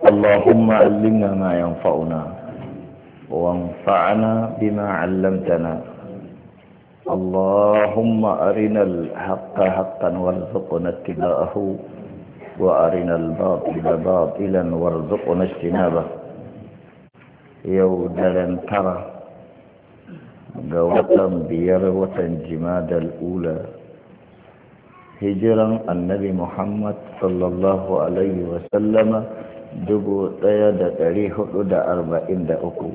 اللهم علمنا ما ينفعنا وانفعنا بما علمتنا اللهم أرنا الحق حقا وارزقنا اتباعه وأرنا الباطل باطلا وارزقنا اجتنابه لن ترى قوة بيروة جماد الأولى هجرا النبي محمد صلى الله عليه وسلم dubu ɗaya da ɗari hudu da arba'in da uku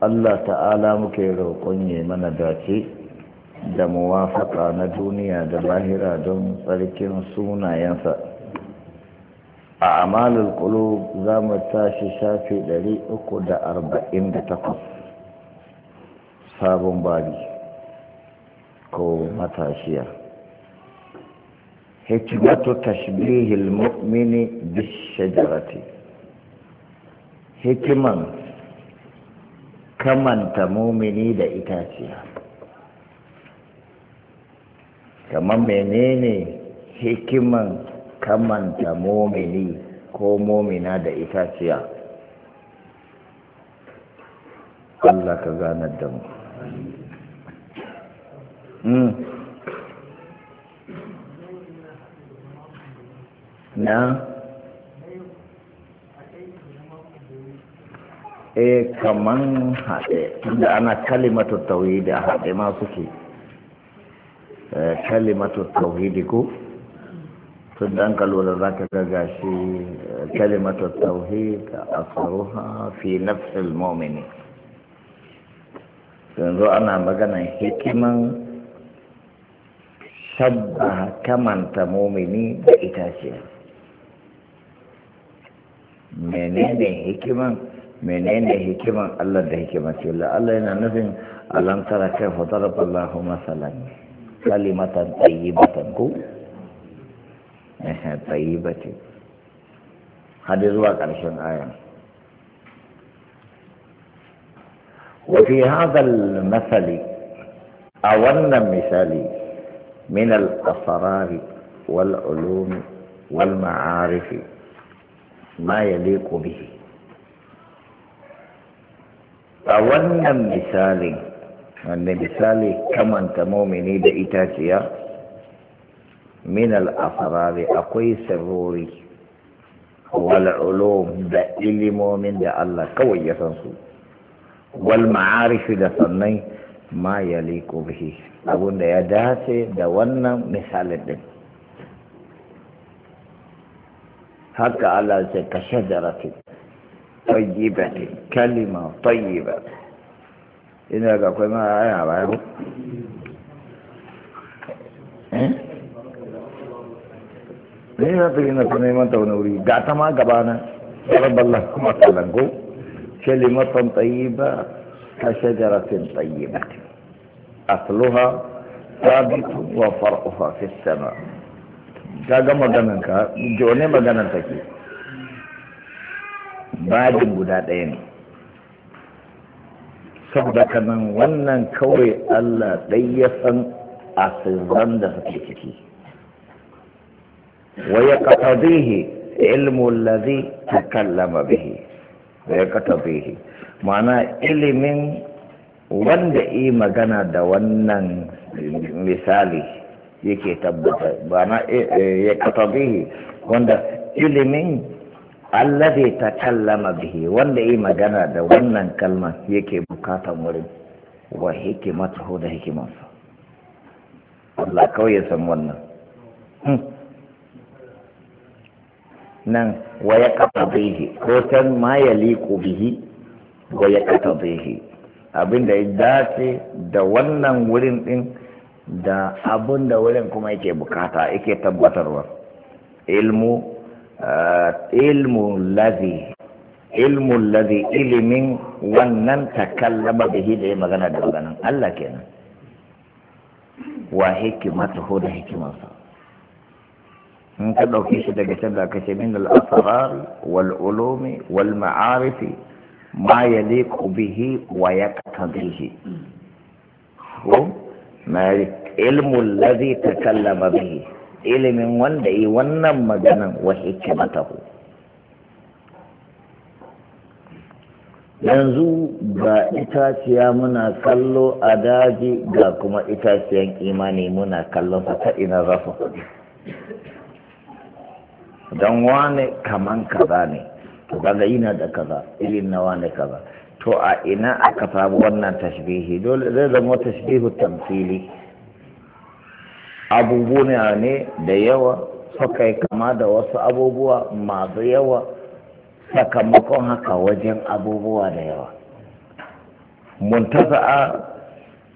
Allah ta'ala muke roƙon ya mana dace da muwafaka na duniya da lahira don tsarkin sunayensa a amalin kulu za mu tashi shafi ɗari uku da arba'in da takwas sabon bari ko matashiya hikmatu tashbihil mu'mini bishajarati hikiman kamanta mumini da itaciya kamar menene hikiman kamanta mumini ko mumina da itaciya Allah ka ganar da mu hmm. na e kaman haɗe tunda ana kalimatu tauhidi a haɗe ma suke eh, kalimatu tauhidi ko tunda an kalwala za ka gaga shi eh, kalimatu tauhid a tsaruha fi nafsil momini yanzu ana maganan hikiman shabba kamanta momini da itaciya menene hikiman menene hikiman Allah da hikiman ce Allah Allah yana nufin alam tara kai fa Allahu masalan kalimatan tayyibatan ku eh tayyibati hadi wa karshen aya wa fi hadha al-masali a wannan misali min al-asrar wal ulum wal ma'arif ma ya leko bihi a wannan misali wannan misali kamanta momini da itaciya min al'asarari akwai wal wal'ulum da ilimomin da Allah kawai ya san su wal ma'arifi da sannan ma ya bihi abunda ya dace da wannan misalin din حتى على ذلك شجرة طيبة كلمة طيبة إذا قلت ما أعيه أعيه ليه لا تقول إنك نعمة ونوري قاعدة ما قبانا رب الله كما تلقوا كلمة طيبة كشجرة طيبة أصلها ثابت وفرعها في السماء ka ga magananka, ka jone maganan take babin guda ɗaya ne saboda kanan wannan kawai Allah ɗai ya san sirran da suke ciki wa ya qatadihi ilmu ta takallama bihi wa ya qatadihi ma'ana ilimin wanda yi magana da wannan misali yake tabbata ba na eh, eh, ya kafa bihi wanda ilimin allazi ta kallama bihi wanda yi magana da wannan kalma yake bukatan wurin wa hikimatahu da hikimansa Allah kawai ya san wannan hmm. nan wa ya kafa bihi ko san ma ya liku bihi wa ya kafa bihi abinda ya dace da wannan wurin din da abun da wurin kuma yake bukata yake tabbatarwa ilmu eh, ilmu lazi ilimin wannan takallama da ya magana da maganan Allah kenan wa hikimatuhu da hikimarsa in ka ɗauki shi daga can da aka min al-asrar wal ulumi wal ma'arifi ma bihi wa yaqtadihi ko malik ilmun lazi ta kallama bihi ilimin wanda yi wannan maganan wa hikimatahu yanzu ga itaciya muna kallo a daji ga kuma itaciyan imani muna kallon ta ina za su don wane kaman kaza ne kaga ina da kaza ilin na wane kaza to a ina aka samu wannan tashbihi dole zai zama tashbihu tamfili abubuwa ne da yawa suka yi kama da wasu abubuwa masu yawa sakamakon haka wajen abubuwa da yawa muntaza'a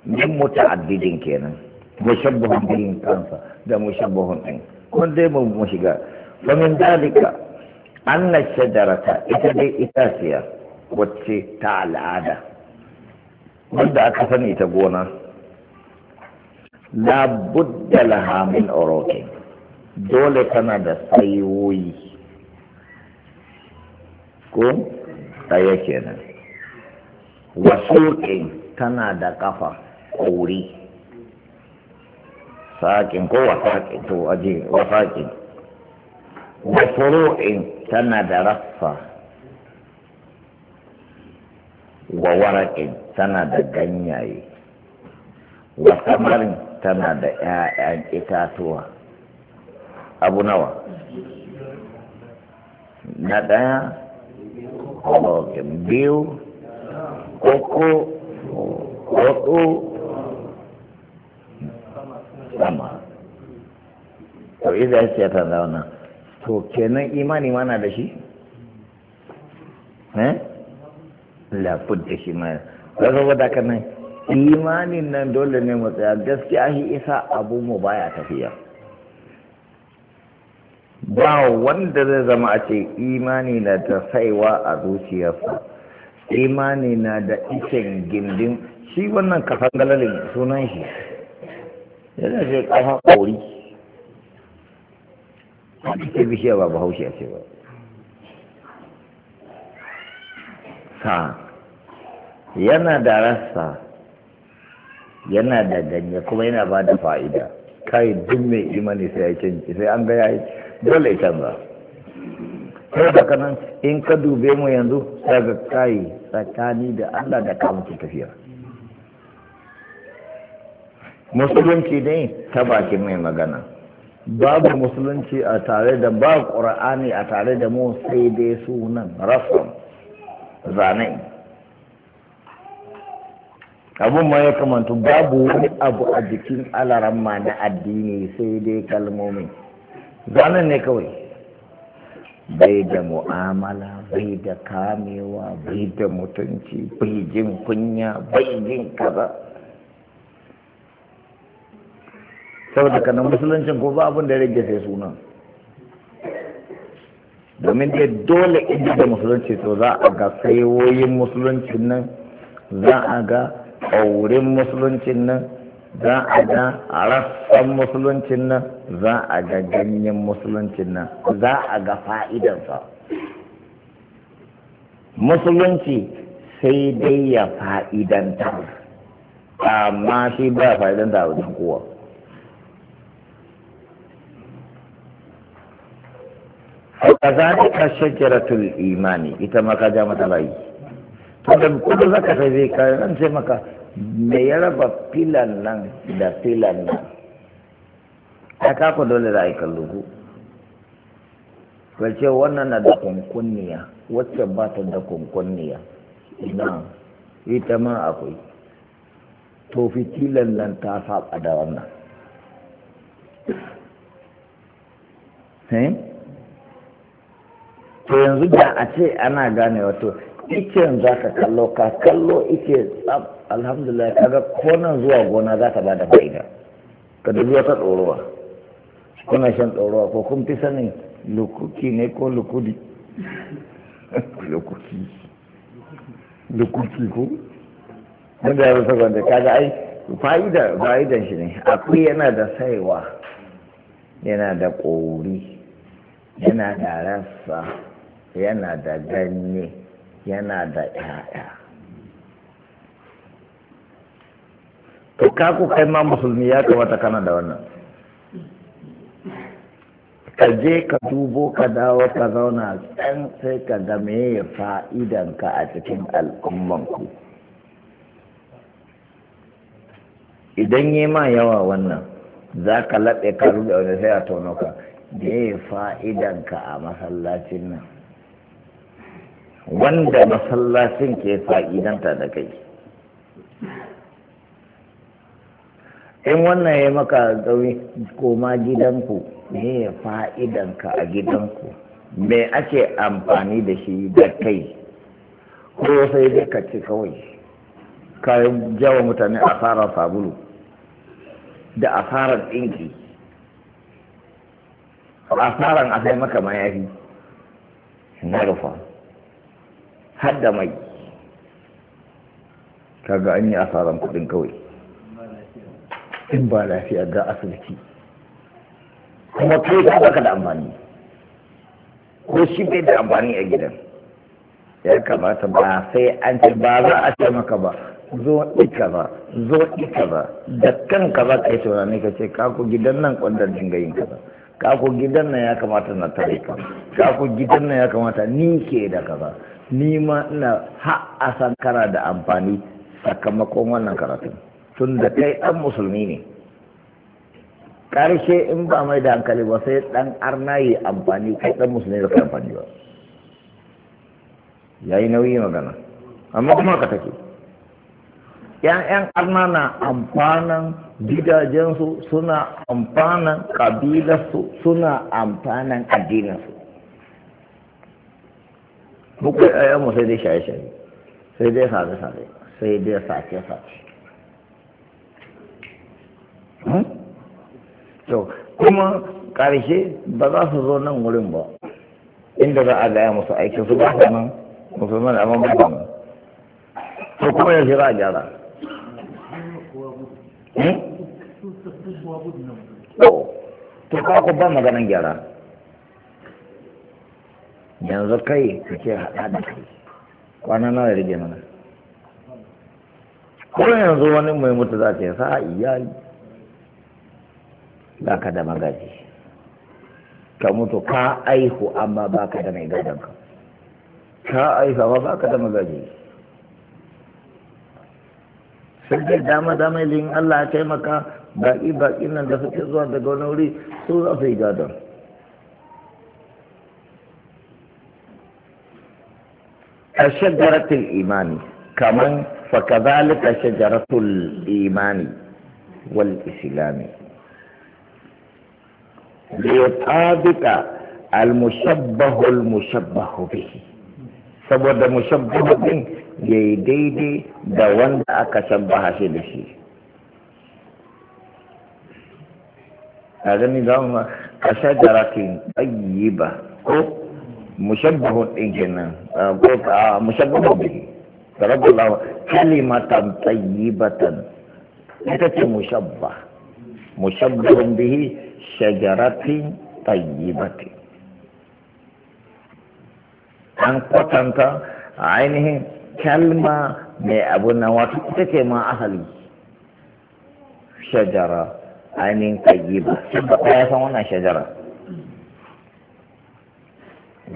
min muta'addidin kenan mushabbahun din kansa da mushabbahun din kun dai mu mu shiga fa min dalika anna shajarata ita dai itaciya wacce ta al'ada wanda aka sani ta gona la budda laha min uruqin dole tana da saiwoyi ko ɗaya kenan wasuƙin tana da ƙafa ƙuri saƙin ko wasaƙin to waje wasaƙin wafuru'in tana da raffa wa waraƙin tana da ganyaye wa samarin tana da 'ya'yan itatuwa abu nawa na ɗaya biyu koko hudu sama to idan ya ce ta zauna to kenan imani mana da shi eh lafud da shi ma ya zo da kanai. imanin nan dole ne mu tsaya gaskiya shi isa abu mu baya tafiya ba wanda zai zama a ce imani na da saiwa a zuciyarsa imani na da icen gindin shi wannan kasan galalin sunan shi yana ce kafa kori ake bishiya ba bahaushe ce ba sa yana da rassa yana da ganye kuma yana ba da fa'ida kai duk mai imani sai ya canji sai an ga yayi dole ya canza sai da kanan in ka dube mu yanzu sai ga kai tsakani da Allah da ka mutu tafiya musulunci ne ta bakin mai magana babu musulunci a tare da ba ƙura'ani a tare da mu sai dai sunan rasul zanen abun ma ya kamantu babu wani abu a jikin ma na addini sai dai kalmomi zanen ne kawai bai da mu'amala bai da kamewa bai da mutunci bai jin kunya bai jin kaza saboda kana musuluncin ko ba abin da rage sai sunan domin dai dole inda da musulunci to za a ga sayoyin musuluncin nan za a ga wurin musuluncin nan za a ga rassan musuluncin nan za a ga ganyen musuluncin nan za a ga fa'idansa musulunci sai dai ya fa’idanta amma shi ba fa'idanta a wajen kowa kazalika shajaratul imani ita ma ka ja mata to da kudu zaka sai zai kayan an ce maka me ya raba filan nan da filan nan a kafa dole da a yi kallugu ce wannan na da kunkunniya wacce ba ta da kunkunniya ina ita ma akwai to fitilan nan ta saba da wannan eh? to yanzu da a ce ana gane wato iken za ka kallo ka kallo ike tsab alhamdulillah kaga konan zuwa gona za ta bada fa'ida ka da zuwa ta tsorowa kuna shan tsorowa ko kun fi sanin lukuki ne ko lukudi lukuki lukuki ko mun da yawon ka kaga ai fa'ida fa'idan shi ne akwai yana da saiwa yana da ƙori yana da rasa yana da ganye yana da ‘ya'ya to ku kai ma musulmi ya kamata kana da wannan ka je ka dubo ka dawo ka zauna ɗan sai ka ga meye fa'idanka a cikin al'ummanku idan yi ma yawa wannan za ka laɓe ka ruɗe wani sai a tono ka meye fa'idanka a masallacin nan wanda masallacin ke fa'idanta da kai in wannan ya maka zaune koma gidanku ne ya fa'idanka a gidanku me ake amfani da shi da kai ko sai dai ka ce kawai kayan jawa mutane asarar sabulu da asarar ɗinki asaran a sai maka mayafi na rufa har da mai kaga an yi asaran kudin kawai in ba lafiya ga asibiti kuma kai ka baka da amfani ko shi bai da amfani a gidan ya kamata ba sai an ce ba za a ce maka ba zo ika ba zo ika ba da kanka ba kai ne ka ce kaku gidan nan kwandar dinga yin kaza kaku gidan nan ya kamata na tare ka kaku gidan nan ya kamata ni ke da kaza ni ma ina ha'a kara da amfani sakamakon wannan karatun tun da kai ɗan musulmi ne ƙarshe in ba mai da hankali ba sai ɗan arna yi amfani kai ɗan musulmi da amfani ba ya yi nauyi magana amma kuma ka take yan arna na amfanan gidajensu suna amfanan kabilarsu, suna amfanan addininsu bukwai a yamma sai dai shaye-shaye sai dai sare-sare sai dai sake sace to kuma ƙarshe ba za su zo nan wurin ba inda za a gaya musu aiki su ba nan musulman amma ba ba to kuma ya za a gyara to ka ku ba maganan gyara yanzu kai ka ce haɗa da kai kwana na ya rage mana ko yanzu wani mai mutu za ce sa iyali ba ka da magaji ka mutu ka aihu amma ba ka da mai gadon ka aihu amma ba ka da magaji sun ce dama dama ilin Allah ya taimaka baƙi baƙi nan da suke zuwa daga wani wuri su za su yi gadon kashajaratul imani kaman fakazalika shajaratul imani wal islami liyutabika al mushabbahu al mushabbahu bihi saboda mushabbahu din yayi daidai da wanda aka shabbaha shi da shi a gani za mu shajaratin tayyiba ko mushabbahun din kenan ah, ko ah, mushabbahun bihi tarabballahu kalimatan tayyibatan ita ce mushabba mushabbahun bihi shajaratin tayyibati an kwatanta ainihin kalma mai abu na wato ita ce ma asali shajara ainihin tayyiba ba ta yasan wannan shajara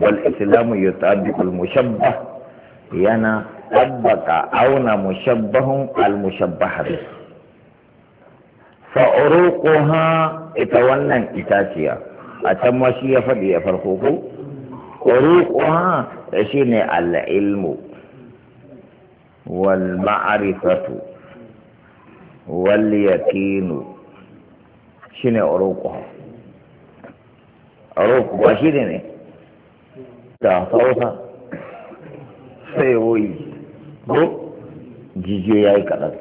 والإسلام يطابق المشبه ينا طبق أون مشبه المشبه به فأروقها إتوانا إتاتيا أتم وشي فدي يفرقوه أروقها إشين العلم والمعرفة واليقين شنو أروقها أروق وشيني da hausa sai woyi ko jijiyoyi ya yi kaɗan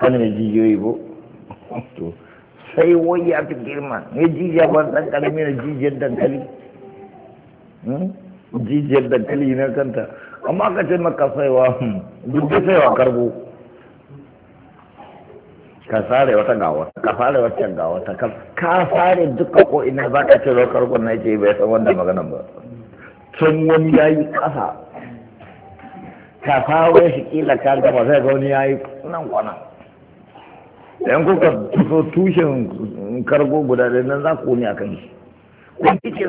wani ne jijiyoyi ko to sai woyi ya fi girma ne jijiya ba ɗan ƙarami na jijiyar dankali hmm? jijiyar dankali na kanta amma ka ce maka saiwa hmm, duk da saiwa karbo ka sare wata ga wata ka sare wata ga wata ka sare duka ko ina za ka ce zo karbo na ce bai san wanda magana ba can wani ya yi ƙasa ka kawo shi ƙila ka gaba sai ga wani ya yi nan kwanan yan kuka so tushen kargo guda da nan za ku ne a kan shi kun kike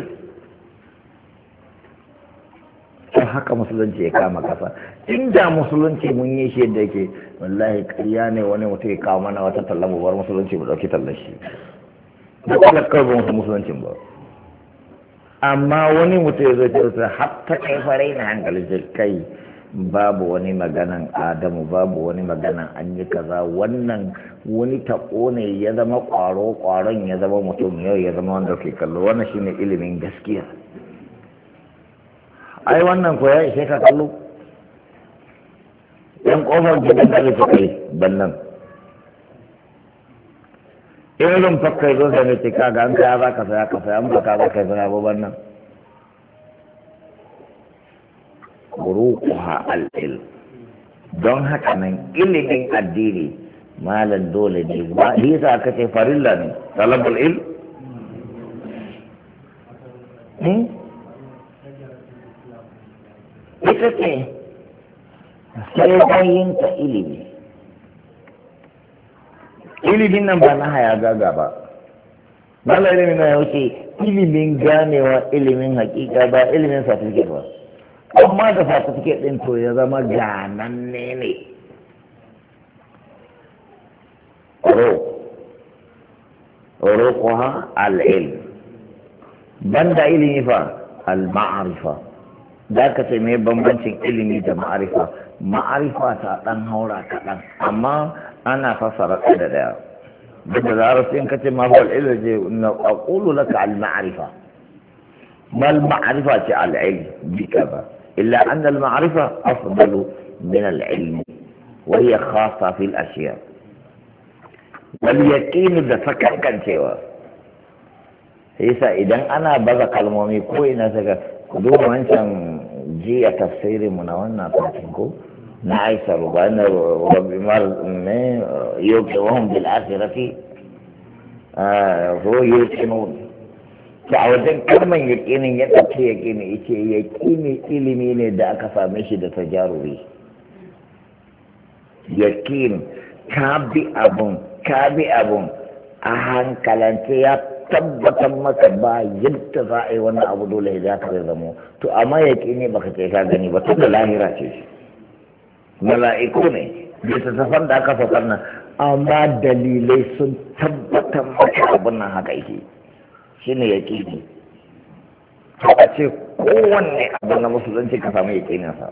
sun haka musulunci ya kama kasa inda musulunci mun yi shi yadda yake wallahi ƙarya ne wani mutum ya kawo mana wata tallan mu musulunci mu ɗauki tallan shi da kuma musulunci ba amma wani mutum ya zo kyauta hatta kai farai na hankali ce kai babu wani maganan adamu babu wani maganan an yi kaza wannan wani tako ne ya zama kwaro kwaron ya zama mutum yau ya zama wanda ke kallo wannan shine ilimin gaskiya ai wannan ko ya ishe ka kallo yan kofar gidan da suka yi bannan irin eh, fakka zo da ne tika ga an kaya za ka saya ka saya an baka ba ka saya babban nan burukuha al'il don haka nan ilimin addini malam dole ne ba hisa aka ce farilla ne talabul il hmm? ita ce sai bayinka ilimi ilimin nan ba na haya gaga ba na ilimin na wuce ilimin ganewa ilimin hakika ba ilimin certificate ba amma da certificate din to ya zama ganan ne ro roƙuwa al'ilm banda ilimi fa al-ma'arifa da ka ce mai bambancin ilimi da ma'arifa ma'arifa ta ɗan haura kaɗan amma أنا فسرت إلى دار بدل العرفين كتب ما هو العلم إنه أقول لك على المعرفة ما المعرفة على العلم بكذا إلا أن المعرفة أفضل من العلم وهي خاصة في الأشياء واليقين إذا فكر كان سوى هيسا إذا أنا بذكر المومي كوي ناسك دون ما أنت جي تفسيري منوانا تنكو نعيسر وبأن رب يوقعهم بالآخرة To a wajen kalman yaƙinin ya ɗauki yaƙini ike yaƙini ilimi ne da aka same shi da tajaruri yaƙin ka bi abun ka bi abun a hankalance ya tabbatar maka ba yadda za a yi wannan abu dole ya za zamo to amma yaƙini baka ce ka gani ba tun da lahira ce shi mala'iku ne littattafan da aka saukar nan amma dalilai sun tabbatar maka abin nan haka yake shine ne to a ce kowanne abin na musulunci ka samu sa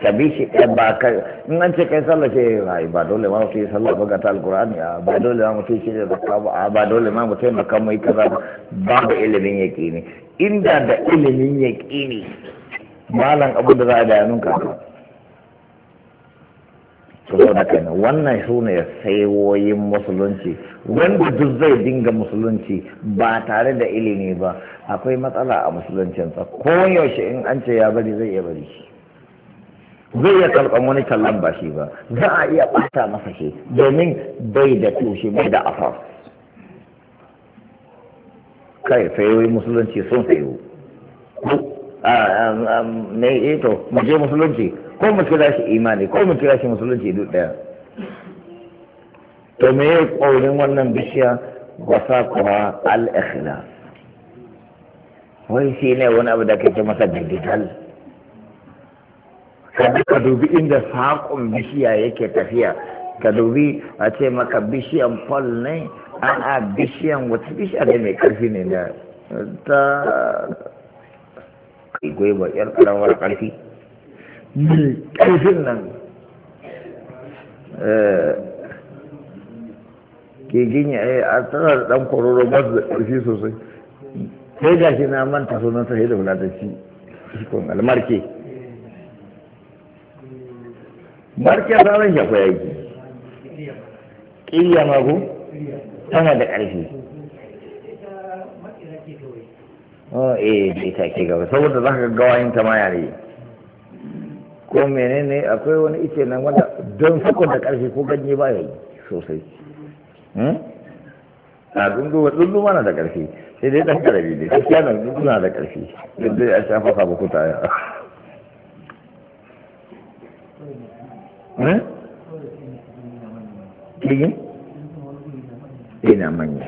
ka bi shi ɗaya eh, ba ka in an ce kai sallah ce rai ba dole ma mutum yi sallah ba ga ta alkur'ani ba dole ma mutum shi da kawo ba ba dole ma mutum da kan mai kaza ba babu ilimin ne inda da ilimin ne malam abu da za a da yanun ka da kenan wannan su ne saiwoyin musulunci wanda duk zai dinga musulunci ba tare da ilimi ba akwai matsala a musuluncinsa ko yaushe in an ce ya bari zai iya bari shi zai iya karɓan wani kallon ba shi ba za a iya ɓata masa shi domin bai da tushe bai da afa kai musulunci sun sayo ne ito mu je musulunci ko mu kira shi imani ko mu kira shi musulunci duk daya to me ya ƙaunin wannan bishiya wasa kuma al wai shi ne wani abu da kake masa digital ka dubi inda saƙon bishiya yake tafiya ka dubi a ce maka bishiyan fal ne a'a bishiyan wata bishiya ne mai karfi ne da ta kai goyi ba yar karamar karfi mai ƙarfin nan eh, ke ginya ya eh, a tana da ɗan kororo ba su da ƙarfi sosai sai ga shi na manta sunan sa da wulatanci ikon almarke marke ran shafa ya yi ƙiyya ma ku tana da ƙarfi oh eh ita ke gaba saboda za ka gawayin ta ma yare ko menene akwai wani ice nan wanda don sakon da ƙarfi ko ganye ba ya yi sosai hmm? a dunduwa dundu mana da ƙarfi sai dai ɗan ƙarfi ne sai nan dundu na da ƙarfi yadda ya shafa hmm? sabu kuta ya Kigin? Ina manya.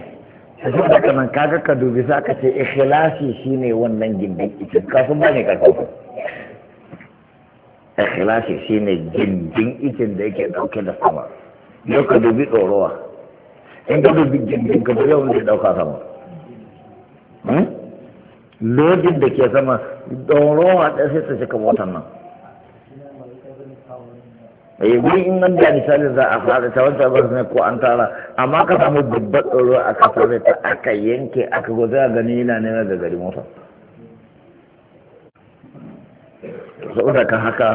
sai da kanan kaga ka dubi za ka ce ikhlasi shine wannan gindin ita kasu ba ne ka kawo ikhlasi shine gindin ikin da yake dauke da sama yau ka dubi tsorowa in ka dubi gindin ka dubi da ya dauka sama hmm? lodin da ke sama tsorowa ɗaya sai ta cika motar nan eh wuri in nan da misali za a fara ta wata ba ne ko an tara amma ka samu babbar tsoro a kasar ta aka yanke aka goza gani yana nema da gari motar saboda ka haka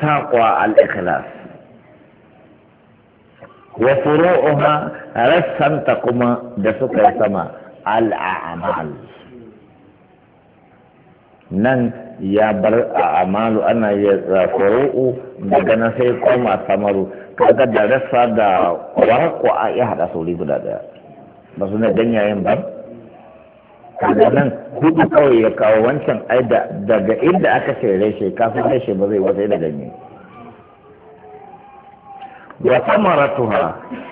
saƙwa al-ikhlas wa furu'uha rassanta kuma da suka sama al nan ya bar a'malu ana ya furu'u daga nan sai koma samaru kaga da rassa da a ya hada sauri guda daya ba su ne ganyayen ba kaga nan hudu kawai ya kawo wancan ai daga inda aka ce reshe kafin reshe ba zai wasai da ganye wa samaratuha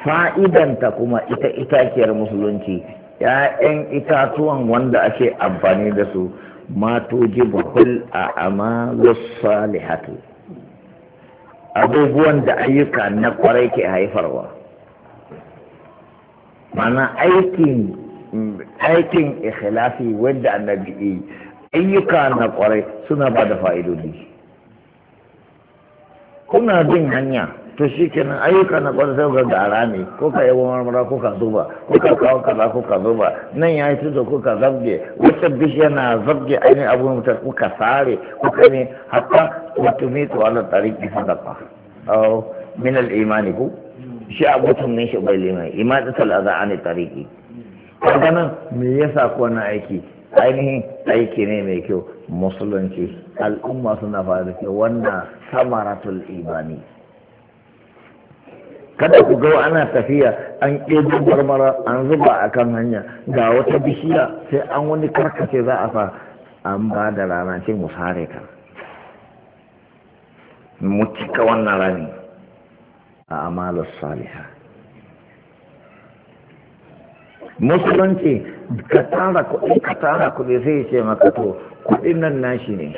fa'idanta kuma ita itaciyar musulunci ‘ya'yan itatuwan wanda ake amfani da su mato jibahul a amalus salihatu abubuwan da ayyuka na kwarai ke haifarwa mana aikin aikin ikhlasi wanda annabi yi ayyuka na kwarai suna ba da fa'idodi kuna bin hanya to shi kenan ayyuka na kwarai sai ga gara ne ko ka yi marmara ko ka zuba ko ka kawo kaza ko ka zuba nan ya yi tuzo ko ka zabge wata bishiya na zabge ainihin abun mutar ko ka sare ko ka ne hatta mutumi to ala tariki sadaqa aw min al-imani ko shi abutun ne shi bai liman imadat al-adha an tariki kaga me yasa ko na aiki ainihin aiki ne mai kyau musulunci al'umma suna fara da wannan samaratul imani kada ku ga ana tafiya an ƙeji marmara an zuba a kan hanya ga wata bishiya sai an wani karkace za a fa an ba da rana ce mu sare ka mu cika wannan rani a amalar salihah musulunci ka tara kuɗi ka tara kuɗi zai ce maka to kuɗi nan na shi ne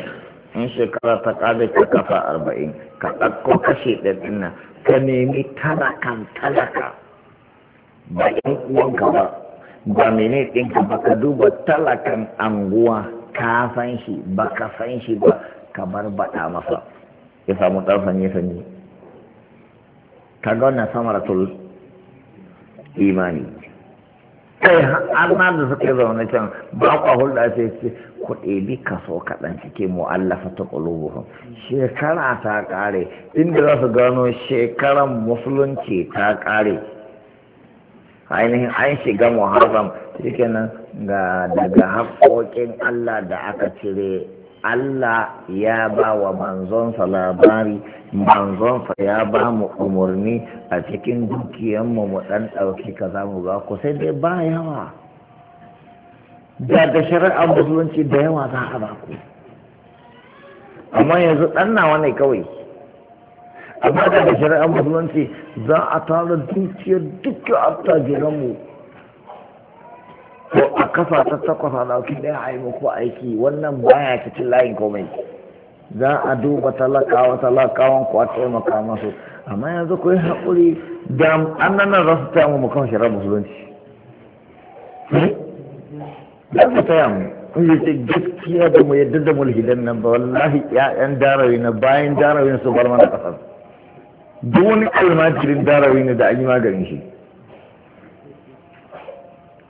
in shekara ta ƙada ta kafa arba'in ka ɗauko kashe ɗin nan ka nemi talakan talaka ba ɗan uwanka ba ba mene ɗinka ba ka duba talakan anguwa ka san shi ba ka san shi ba ka bar baɗa masa ya samu ɗan sanye-sanye ka ga wannan samaratul imani kai na da suke zaune can ba kwa hulɗa sai ce ku ɗebi kaso kaɗan cike mu'allafa ta ƙulubuhun shekara ta ƙare inda za su gano shekaran musulunci ta ƙare ainihin an shiga muharram kenan ga daga haƙoƙin allah da aka cire Allah ya ba wa manzonsa labari manzonsa ya ba mu umarni a cikin dukiyanmu mu dan ɗauki ka za mu ba ku sai dai ba yawa da da shari'a musulunci da yawa za a ba ku amma yanzu ɗan nawa ne kawai amma da da shari'a musulunci za a tara dukiyar dukkan attajiranmu ko a kafa ta takwas a ɗauki ɗaya a yi muku aiki wannan baya cikin layin komai za a duba talakawa talakawan ku a taimaka masu amma yanzu ku yi haƙuri da annanan za su taya mu kan shirar musulunci hmm? za su taya mu kun yi ce gaskiya da mu yadda da mulhidan nan ba wallahi 'ya'yan darawi na bayan darawi su bar mana ƙasar duk wani almajirin darawi ne da an yi maganin shi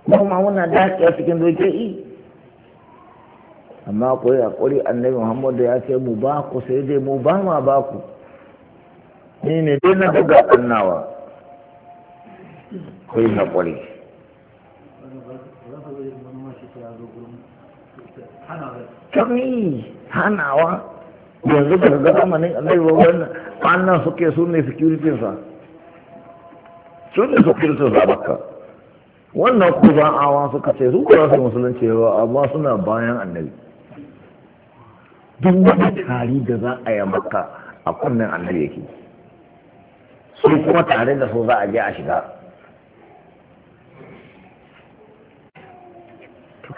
kuma muna a cikin doki'i amma ku yi haƙuri annabi muhammadu ya ce mu ba ku sai dai mu ba ma ba ku ni ne dai na buga annawa ku yi haƙuri kami hanawa yanzu ba ga zamanin annabi ba wannan annan suke su ne security sa su ne security sa baka wannan ba awa suka ce su ku su musulunci yawa amma suna bayan annabi duk wani tari da za a yi maka a kunnen annabi yake su kuma tare da su za a je a shiga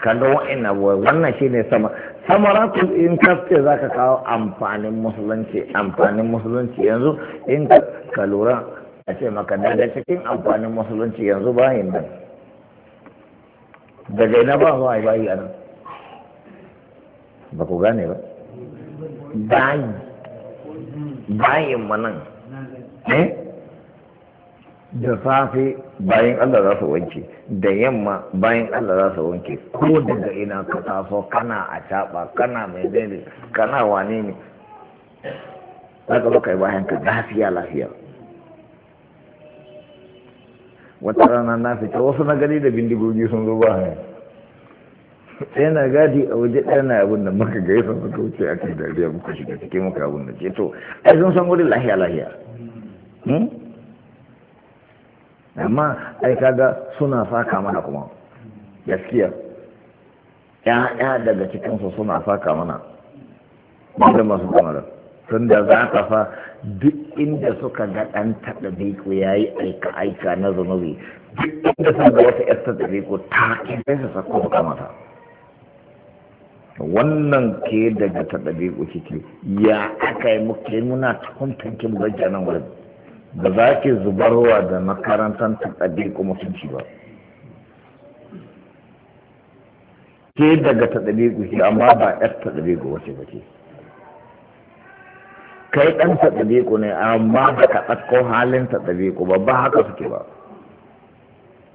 kaga wa'in abuwa wannan shi ne sama samaratun in ce za ka kawo amfanin musulunci amfanin musulunci yanzu in ka lura a ce maka daga cikin amfanin musulunci yanzu bayan nan daga ina ba su haifa yi a nan ba ku gane ba bayi bayin manan eh da safe bayan Allah za su wanke da yamma bayan Allah za su wanke ko daga ina ka taso kana a caba kana mai daidai kana wane ne za ka zo kai bayan ka lafiya lafiya wata rana na fita wasu na gani da bindigogi sun zo ba sai na gadi a waje ɗaya na abin da muka gari sun suka wuce a kan dariya muka shiga cikin muka abin da ce to ai sun san wurin lahiya lahiya hmm? amma ai kaga suna saka mana kuma gaskiya ya daga cikinsu suna saka mana ba da masu kamarar tunda za ka fa duk inda suka ga ɗan taɗa beko ya yi aika-aika na zunubi duk inda suka ga wata ƴar taɗa beko ta ƙi sai su sako su kamata wannan ke daga taɗa beko kike ya aka yi muke muna tuhumtan ki mugajja nan wurin da za ki zubarwa da makarantar taɗa beko mutunci ba ke daga taɗa beko amma ba ƴar taɗa beko wace ba ke. kai ɗan ku ne amma ba ka ɗauko halin ku ba ba haka suke ba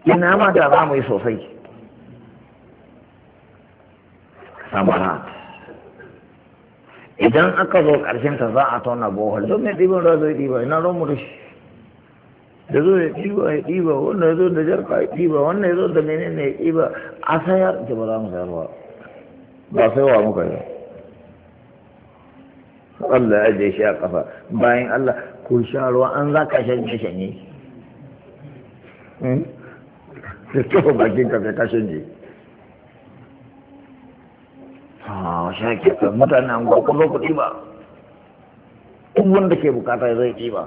ina ma da za mu yi sosai samara idan aka zo ƙarshen ta za a tona bohol don ne ɗiban ruwa zai ɗiba ina ruwan murishi da zo ya ɗiba ya ɗiba wannan ya zo da jarka ya ɗiba wannan ya zo da menene ya ɗiba a sayar ba za mu sayar ba ba sai wa muka yi Allah ya je shi a kafa bayan Allah ku sha ruwa an za ka shanye shanye da kyau bakin ka ka shanye ha sha ke mutane an gwakon lokaci ba duk wanda ke bukata zai ci ba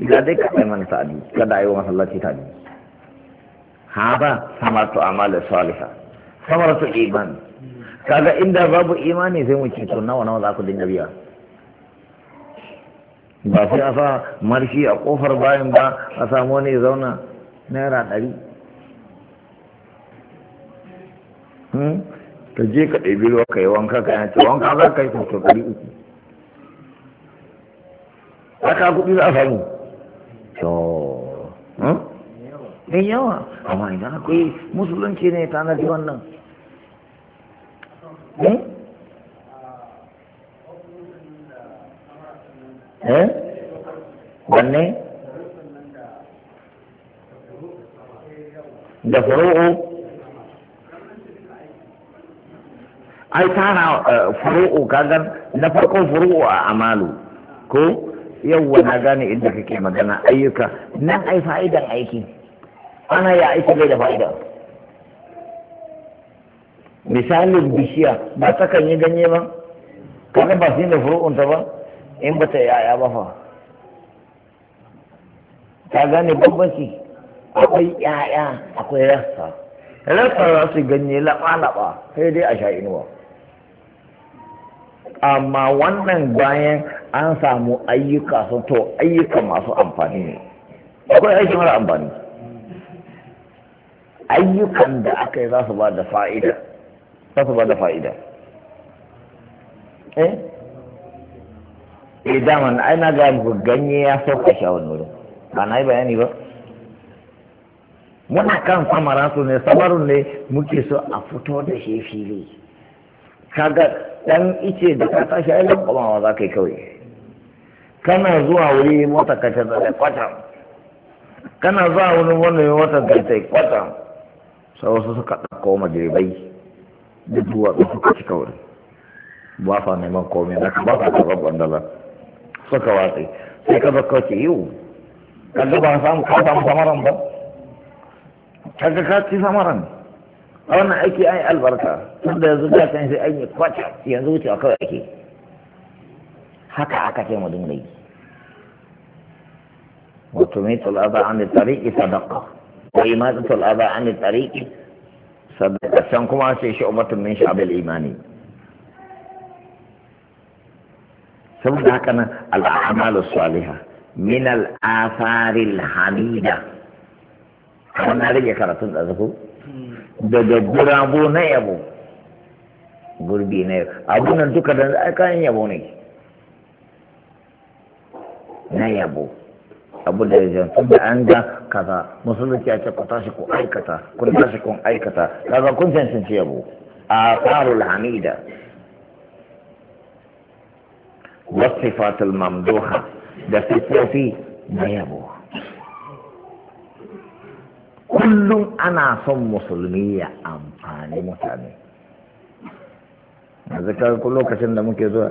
ya dai ka mana ta'adi kada yi wa masallaci ta'adi ha ba samatu amala salihah samaratu iman kaga inda babu imani sai mu ce to nawa nawa za ku dinga biya ba sai a sa marshi a kofar bayan ba a samu wani ya zauna naira ɗari hmm? ta je ka ɗabi ruwa ka yi wanka ka yanci wanka za ka yi to ɗari uku haka kuɗi za a samu to hmm? in yawa amma idan akwai musulunci ne tanadi wannan Hmm? eh wanne da furu'u ai tara eh, furu'u kagan na farko furu'u a amalu ko yawwa na gane inda kake magana ayyuka nan ai fa'idan aiki ana ya aiki bai da fa'ida misalin bishiya ba ta kan yi ganye ba kada ba su da furu'unta ba in ba ta yaya ba fa ta gane bambanci akwai yaya akwai rasa rasa za su ganye laɓa-laɓa sai dai a sha inuwa amma wannan bayan an samu ayyuka su to ayyuka masu amfani ne akwai aiki mara amfani ayyukan da aka yi za su ba da fa'ida za ba da fa'ida eh eh dama ai na ga ganye ya sauka shi a wani wurin ba na yi bayani ba muna kan samaratu ne samarun ne muke so a fito da shi fili kaga dan ice da ka tashi ai lankwamawa za ka yi kawai kana zuwa wuri mota ka ta zai kwatam kana zuwa wani wani mota ka ta kwatam sai wasu suka ɗauko majalibai da duwatsu suka cika kawai, ba sa neman komai da ka ba sa wanda ba suka watsi sai ka zaka ce yiwu kaga ba samu ka samu samaran ba kaga ka ci samaran a wannan aiki an yi albarka tunda yanzu da kan sai an yi kwacha yanzu a kawai ake haka aka ce mu dinga yi وتميت الأذى عن الطريق صدقة tsalaba الأذى عن الطريق saboda can kuma sai shi umatun min sha'abil imani saboda haka nan al'amalu salihah min al'afaril hamida wannan rage karatun da zaku daga gurabo na yabo gurbi na yabo abunan duka da kayan yabo ne na yabo abu da yanzu da an ga kaza musulunci ya ce ku tashi ku aikata kun tashi kun aikata kaza kun cancanci yabo a tsarul hamida wasifatul mamduha da sifofi na yabo kullum ana son musulmi ya amfani mutane a zikar lokacin da muke zuwa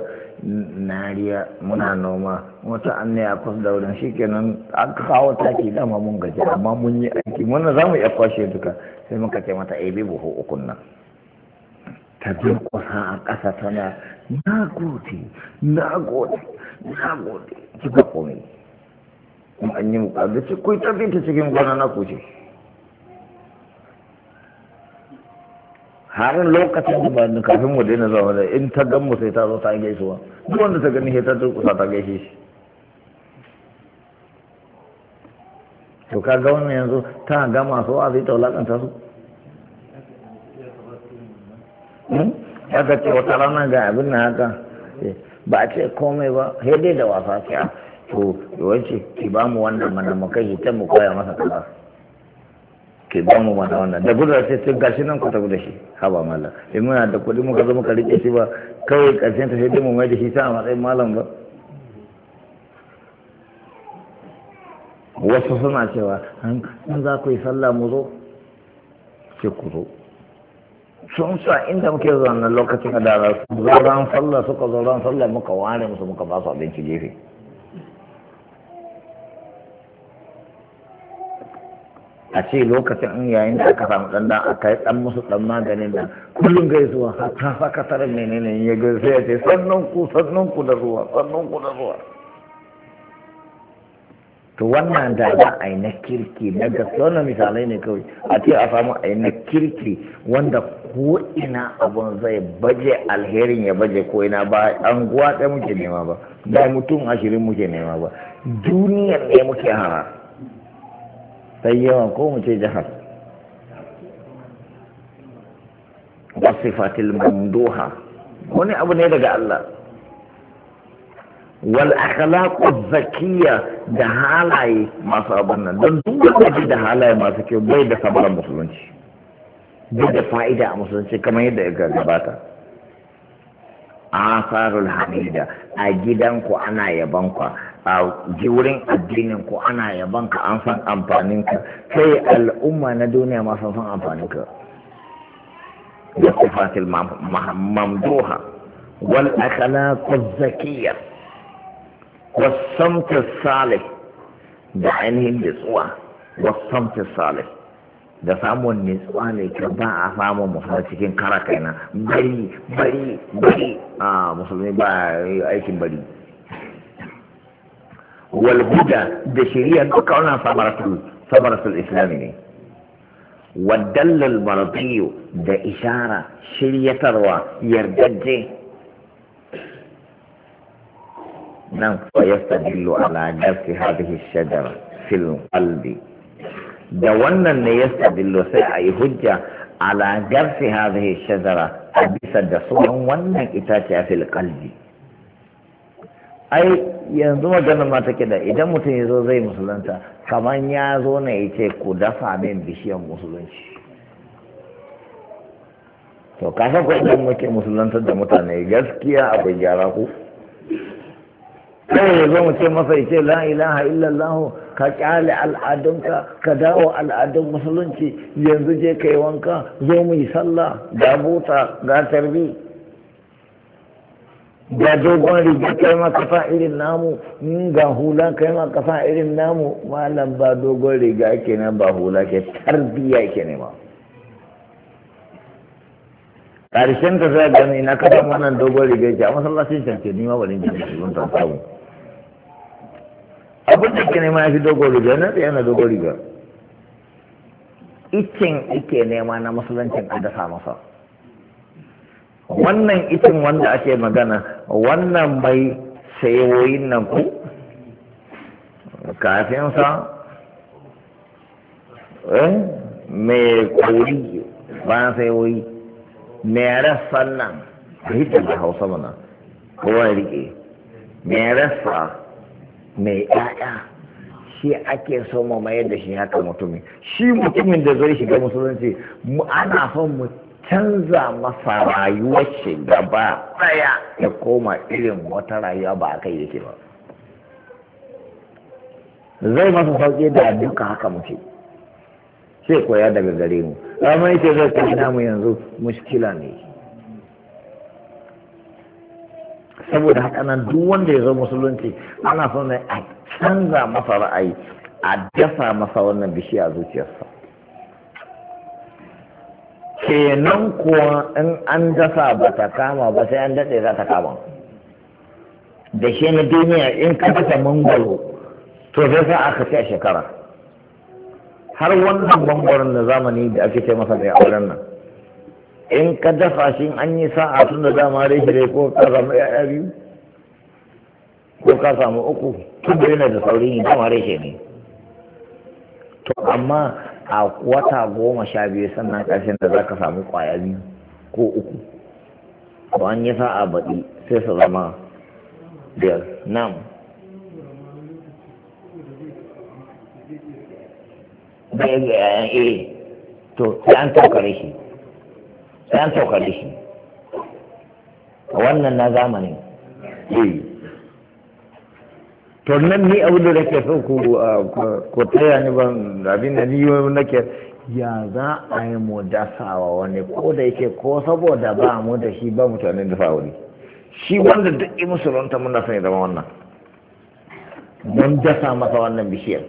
nariya muna noma wata an ne a kwas da wurin shi kenan an kawo taki dama mun gaji amma mun yi aiki Muna za mu iya kwashe duka sai muka ce mata ebe buhu ukun nan ta biyu kusa a ƙasa tana na gode na gode na gode kika komai in an yi mukaɗa ce kuwa ta cikin gona na kuce har lokacin da ba kafin mu daina zama da in ta gan mu sai ta zo ta gaisuwa duk wanda ta gani sai ta durkusa ta gaishe shi to ka ga wannan yanzu ta ga masu wa'azi ta wulakanta su hmm? ga ce wata rana ga abin na haka eh, ba a ce komai ba sai dai da wasa ce ah. to yawanci ki ba mu wannan mana mu kai ta mu koya masa kaza ke ba mu mana wannan da gudu sai sai gashi nan ku tafi da shi haba malam in muna da kuɗi muka zo muka rike shi ba kawai karshen ta sai dai mu mai da shi ta a matsayin malam ba wasu suna cewa an za ku yi sallah mu zo sai ku zo sun sa inda muke zuwa nan lokacin a da ran sallah suka zo ran sallah muka ware musu muka ba su abinci gefe a ce lokacin in yayin da aka samu dan dan aka yi dan musu dan maganin nan kullum gaisuwa har ta fa kasar menene ya ga sai ya ce sannan ku sannan ku da ruwa sannan ku da ruwa to wannan da ba a yi kirki na gaske wannan misalai ne kawai a ce a samu a yi kirki wanda ko ina abun zai baje alherin ya baje ko ina ba an guwa ɗaya muke nema ba ba mutum ashirin muke nema ba duniyar ne muke hara sai yawan ko mu ce jihar wasifatil mamduha wani abu ne daga Allah wal akhlaqu zakiyya da halaye masu abun nan don duk wanda da halaye masu kyau bai da sabaran musulunci bai da fa'ida a musulunci kamar yadda ya gabata asarul hamida a gidanku ana yabanku a wurin addinin ko ana yaban ka an san amfanin ka sai al'umma na duniya ma san san amfanin ka da sifatil mamduha wal akala az-zakiyya was samt salih da ainihin nutsuwa was samt salih da samun nutsuwa ne ka ba a samun musamman cikin kara kaina bari bari bari a ah, musulmi ba aikin bari wal da shari'a duka wannan samaratul samaratul islami ne waddallal maradiyu da ishara shiryatarwa ce. nan fa yastadillu ala dafi hadhihi shajara fil qalbi da wannan ne yastadillu sai a yi hujja ala garfi hadhihi shajara bisa da sunan wannan itace a fil qalbi ai yanzu magana ma take da idan mutum ya zo zai musulunta kamar ya zo na ya ce ku dafa min bishiyar musulunci to kasa ku idan muke musulantar da mutane gaskiya akwai gyara ku kawai ya zo mu ce masa ya ce la ilaha illallah ka kyale al'adunka ka dawo al'adun musulunci yanzu je ka wanka zo mu yi sallah ga buta ga tarbi ga dogon riga kai ma kafa irin namu in ga hula kai ma kafa irin namu malam ba dogon riga kenan ba hula ke tarbiya ke nema karshen ta sai gani ina kafa wannan dogon riga ke a masallacin canke ni ma wani jini shi ta samu abin da ke nema ya fi dogon riga na tsaye na dogon riga icin ike nema na masallacin a dasa masa wannan itin wanda ake magana wannan mai sayoyin nan ku kafinsa eh? mai kori bayan sayoyi mai rassan nan a hita da hausa mana kowa rike mai rassa mai ƴaƴa shi ake so mu mayar da shi haka mutumin shi mutumin da zai shiga musulunci ana son mutum canza masa rayuwar shi gaba daya ya koma irin wata rayuwa ba a kai yake ba zai masa sauƙi da duka haka mace sai koya daga gare mu amma yake zai kai namu yanzu mushkila ne saboda haka nan duk wanda ya zo musulunci ana son a canza masa ra'ayi a dafa masa wannan bishiya zuciyarsa kenan kuwa in an dasa ba ta kama ba sai an daɗe za ta kama da shi na duniya in ka dasa mangwaro to sai sa aka ce a shekara har wannan mangwaron na zamani da ake ce masa mai auren nan in ka dafa shi an yi sa'a tun da dama rai ko ka samu ya'ya biyu ko ka samu uku tun da yana da saurin yi dama rai ne to amma a wata goma sha biyu sannan ƙarshen da za ka samu ƙwaya biyu ko uku ko an yi sa'a baɗi sai su zama biyar nam ɗaya ga yayan a to sai an taukare shi sai an shi wannan na zamanin eh to nan ni abu da nake so ku ku taya ni ban abin da ni nake ya za a yi mu dasawa wani ko da yake ko saboda ba mu da shi ba mutane da fa'uri shi wanda duk yi ta mun da sani zama wannan mun dasa masa wannan bishiyar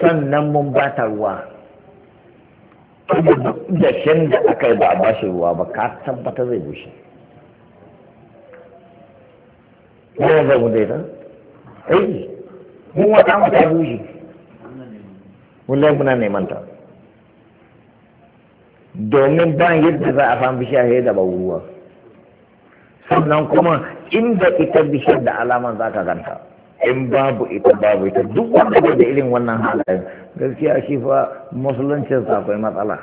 sannan mun ba ta ruwa da shan da aka yi ba a bashi ruwa ba ka tabbata zai bushe ya ga mu dai wata muna neman ta domin ba yadda za a fan bishiya ya da ruwa sannan kuma inda ita bishiyar da alaman za ka ganta in babu ita babu ita duk wanda da irin wannan halayen gaskiya shi fa musuluncin akwai matsala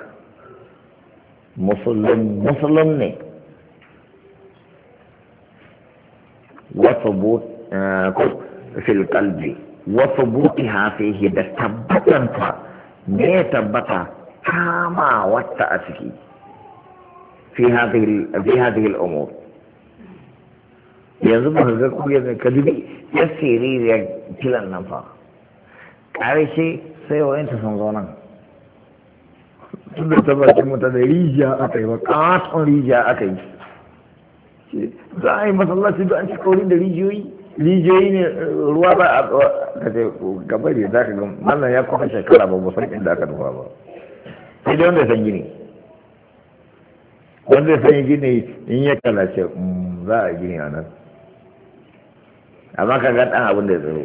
musulun musulun ne وثبوت في القلب وثبوتها فيه ده تبتنفع ne tabbata kama wata a ciki fi hadhihi al-umur yanzu ba ga ku yanzu ka dubi ya siriri ya kilan nan fa karshe sai wayan ta sun zo nan tun da tabbacin mata da rijiya aka yi ba katon rijiya aka yi za a yi masallaci da an ci kauri da rijiyoyi rijiyoyi ne eh, ruwa ba a ka ce gaba da za ka ga mallan ya kwafa shekara ba musan inda aka nufa ba sai dai wanda ya san gini wanda ya san gini in ya kalace mm, za a gini a nan amma ka ga ɗan abin da ya tsaro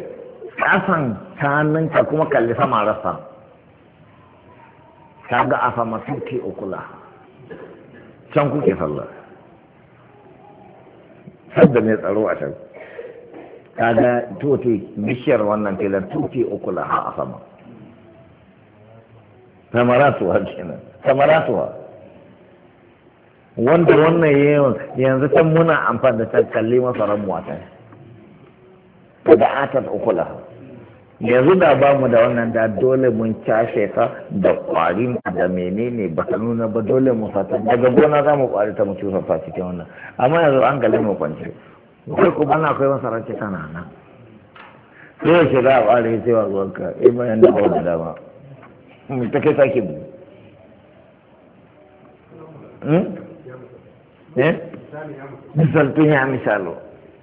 kasan ta kuma kalli sama rasa ka ga afa masu ke okula can kuke sallah hadda mai tsaro a can kaga tuti bishiyar wannan tilar tuti uku laha a sama samaratuwa kenan samaratuwa wanda wannan yanzu can muna amfani da can kalli masa ramuwa can da atat uku laha yanzu da ba mu da wannan da dole mun cashe ka da kwari da menene ba ta nuna ba dole mu fata daga gona za mu kwari ta mu cusa fa cikin wannan amma yanzu an gale mu kwance ko kuma na kai masara ce tana nan sai ya shiga a kwari sai wa zuwan ka eh bayan ba da dama mu ta kai sake mu hmm? eh ya misalo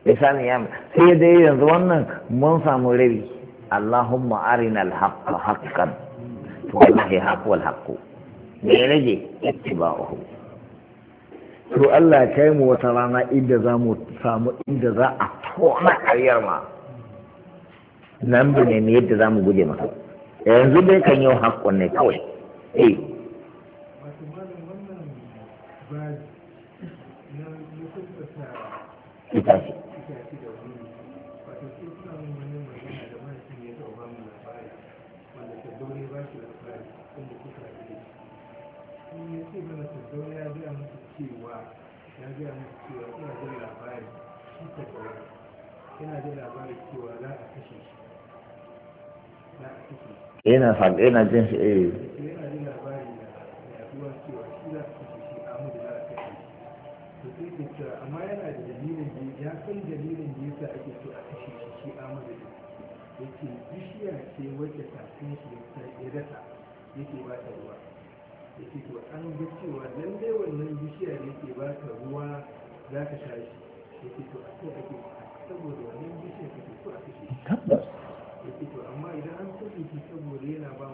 misali ya sai dai yanzu wannan mun samu rabi Allahumma arina al-haqqa haqqan to wallahi haqqu wal haqqu me rage ittiba'uhu to Allah ya kai mu wata rana inda za mu samu inda za a tona ƙaryar ma nan ne ne yadda za mu guje masa yanzu dai kan yau haƙƙon ne kawai eh itace ce mana ya gaya musu cewa ya jin labari shi yana jin labari cewa za a kashe shi za a kashe shi yana shi eh yana labari da yaduwa cewa shi za a kashe shi a za a kashe shi to sai dalilin da ya san ake so a kashe shi shi a da yake bishiya ce wacce kafin shi ya rasa yake ba ta ruwa yake to an ga cewa nan dai wannan bishiya ne ke ba ka ruwa za ka sha shi da to a kai ake saboda wannan bishiya kake so a kashe shi tabbas yake amma idan an kashe shi saboda yana ba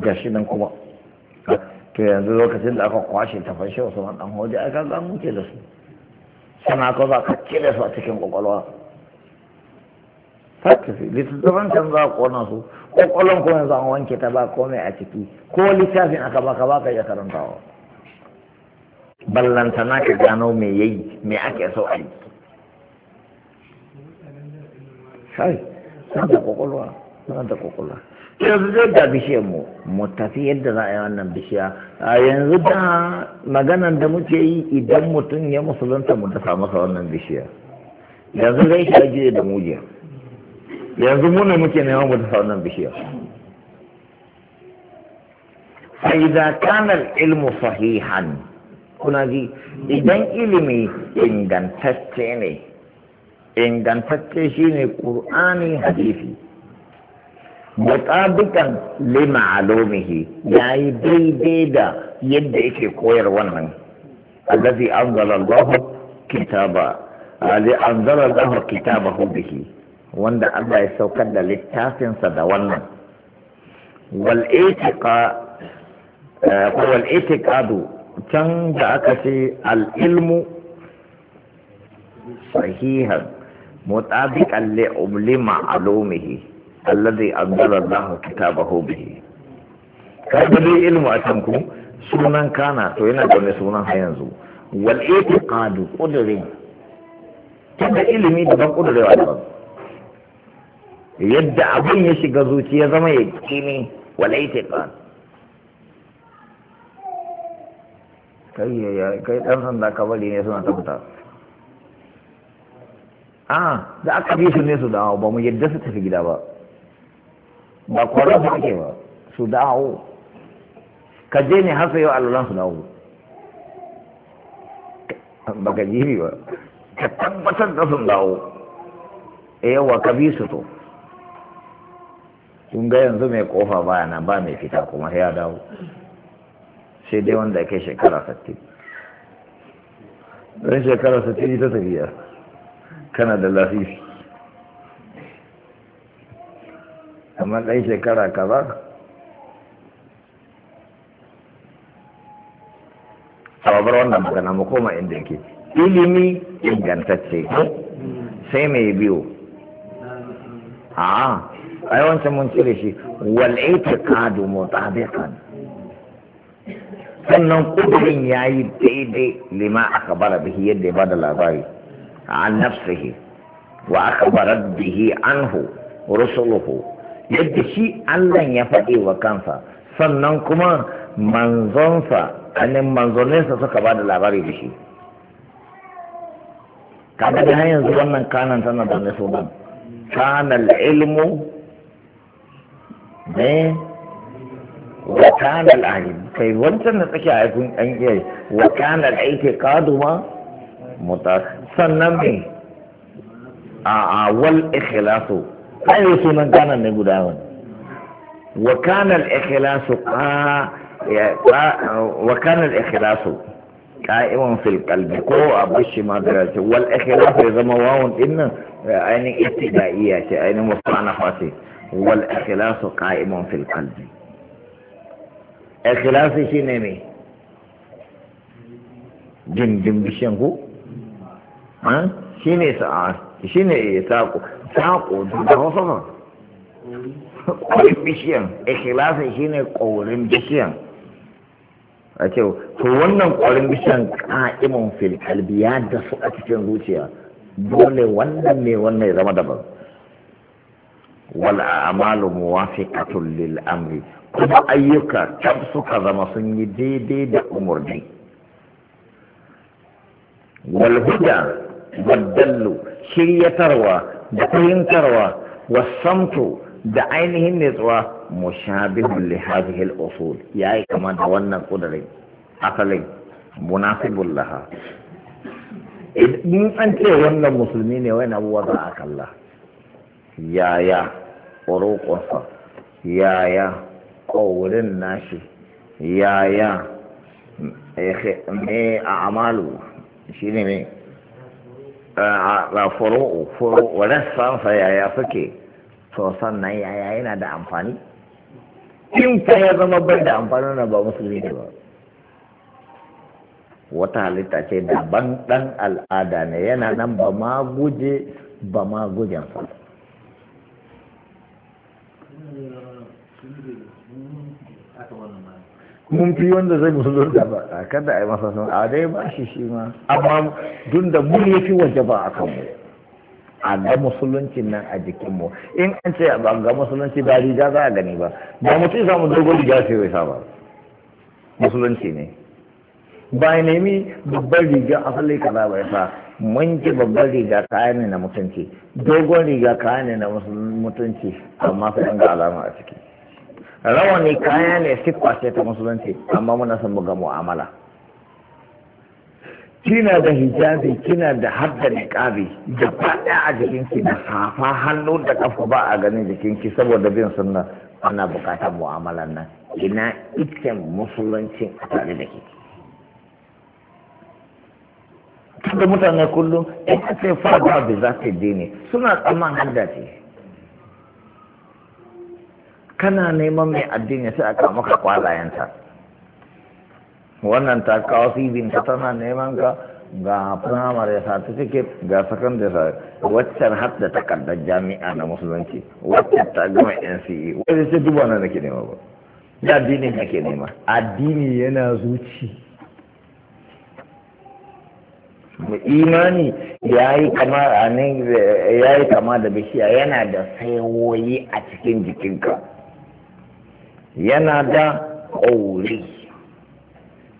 gashi nan kuma to yanzu lokacin da aka kwashe ta fashe wasu man dan hoji aka za mu ke da su sana ko za ka kire su a cikin kwakwalwa tattafi littattafan can za a kona su kwakwalwan kuma yanzu an wanke ta ba komai a ciki ko littafin aka baka ka iya karantawa na ka gano me yayi me ake so a yi sai sanda da kwakwalwa suna kwakwalwa yanzu zai ga bishiyar mu mu tafi yadda za a yi wannan bishiya a yanzu da maganan da muke yi idan mutum ya musulunta mu dafa masa wannan bishiya yanzu zai shiga jiya da mujiya yanzu muna muke neman mu dafa wannan bishiya fa idza kana ilmu sahihan kuna ji idan ilimi ingantacce ne ingantacce shine qur'ani hadisi mutabikan lima alomihi ya yi daidai da yadda yake koyar wannan allazi anzala Allahu kitaba allazi anzala Allahu kitabahu bihi wanda Allah ya saukar da littafinsa da wannan wal itiqa eh, ko wal itiqadu can da aka ce al ilmu sahihan mutabikan li umlima alomihi alladhi anzalallahu kitabahu bihi ka da dai ilmu a can ku sunan kana to yana da wani sunan har yanzu wal itiqadu qudri kada ilimi daban kudurewa ba. yadda abin ya shiga zuciya zama ya kini wal itiqad kai ya kai dan sanda ka bari ne suna fita a da aka bi su ne su dawo ba mu yadda su tafi gida ba ba kwarar su ake ba su dawo ka je ne hasa yau alwalan su dawo ba ka jiri ba ka tabbatar da sun dawo e eh, yawa ka bi su to kun ga yanzu mai kofa baya na ba mai fita kuma ya dawo sai dai wanda ke shekara sattin don shekara sattin ta tafiya kana da lafiya amma ɗan shekara ka kaza sababar wannan magana mu koma inda yake ilimi ingantacce sai mai biyu a yawancin mun cire shi wal itiqadu mutabiqan sannan kudurin yi daidai lima akbara bihi yadda ya bada labari an nafsihi wa akbarat bihi anhu rusuluhu yadda shi Allah ya faɗi wa kansa sannan kuma manzonsa anin manzoninsa suka ba da labari da shi kaga da yanzu wannan kanan tana da na sunan kanal ilmu ne wa kanal alim kai wancan na tsaki a yakun an iya wa kanal aiki kaduma mutas sannan me a wal ikhlasu أي أيوة سنن كان نقول وكان الإخلاص قا... وكان الإخلاص قائم في القلب كو أبش ما درس والإخلاص إذا ما واون إن يعني ابتدائية يعني مصطلحات والإخلاص قائم في القلب إخلاص شيء نمي جم جم بشنكو ها شيء نسعى شيء نساقو ta ƙodu da wasu ma ƙorin bishiyan shi shine ƙorin bishiyan a ce to wannan ƙorin bishiyan ƙa'imun fil kalbi ya da su a cikin zuciya dole wannan ne wannan ya zama daban wal a'malu muwafiqatul lil amri kuma ayyuka kan suka zama sun yi daidai da umarni wal huda shiryatarwa da fahimtarwa samtu, da ainihin nutsuwa mushabihun li hadhihi al-usul yayi kama da wannan kudirin asalin munafiqul laha in an ce wannan musulmi ne wani abubuwa za a kalla yaya ƙoroƙonsa yaya ƙaurin nashi yaya eh, me a amalu shi ne a furu'u furu'u yaya suke to sannan yaya yana da amfani in ta ya zama bai da amfani na ba musulmi ne ba wata halitta ce daban dan al'ada ne yana nan ba ma guje ba ma gujen sa mun fi wanda zai da ba a kada a yi masa sun a dai ba shi shi ma amma duk da mun ya fi waje ba a kanmu a ga musulunci nan a jikinmu in an ce ba ga musulunci ba rija za a gani ba ba mutum samu dogon riga ce wai sa ba musulunci ne ba ya nemi babban riga a asali kaza ba ya sa mun ji babban riga kaya ne na mutunci dogon riga kaya ne na mutunci amma sai an ga alama a ciki rawani kaya ne siffa ce ta musulunci amma muna son mu mu'amala kina da hijabi kina da hadda kabi da ɗaya a jikinki da safa hannu da kafa ba a ganin jikinki saboda bin sunna ana bukatar mu'amalan nan ina ita musulunci a tare da ke da mutane kullum ya ce fada bi za ta dini suna tsamman hadda ce kana neman mai addini ya sai aka maka kwazayenta wannan ta kawo ta tana neman ka ga firamare certificate ga secondary waccan har da takardar jami'a na musulunci waccan ta gama nce wani ce duba na nake nema ba da addini nake nema addini yana zuci imani ya yi kama da bishiya yana da saiwoyi a cikin jikinka yana da ƙauri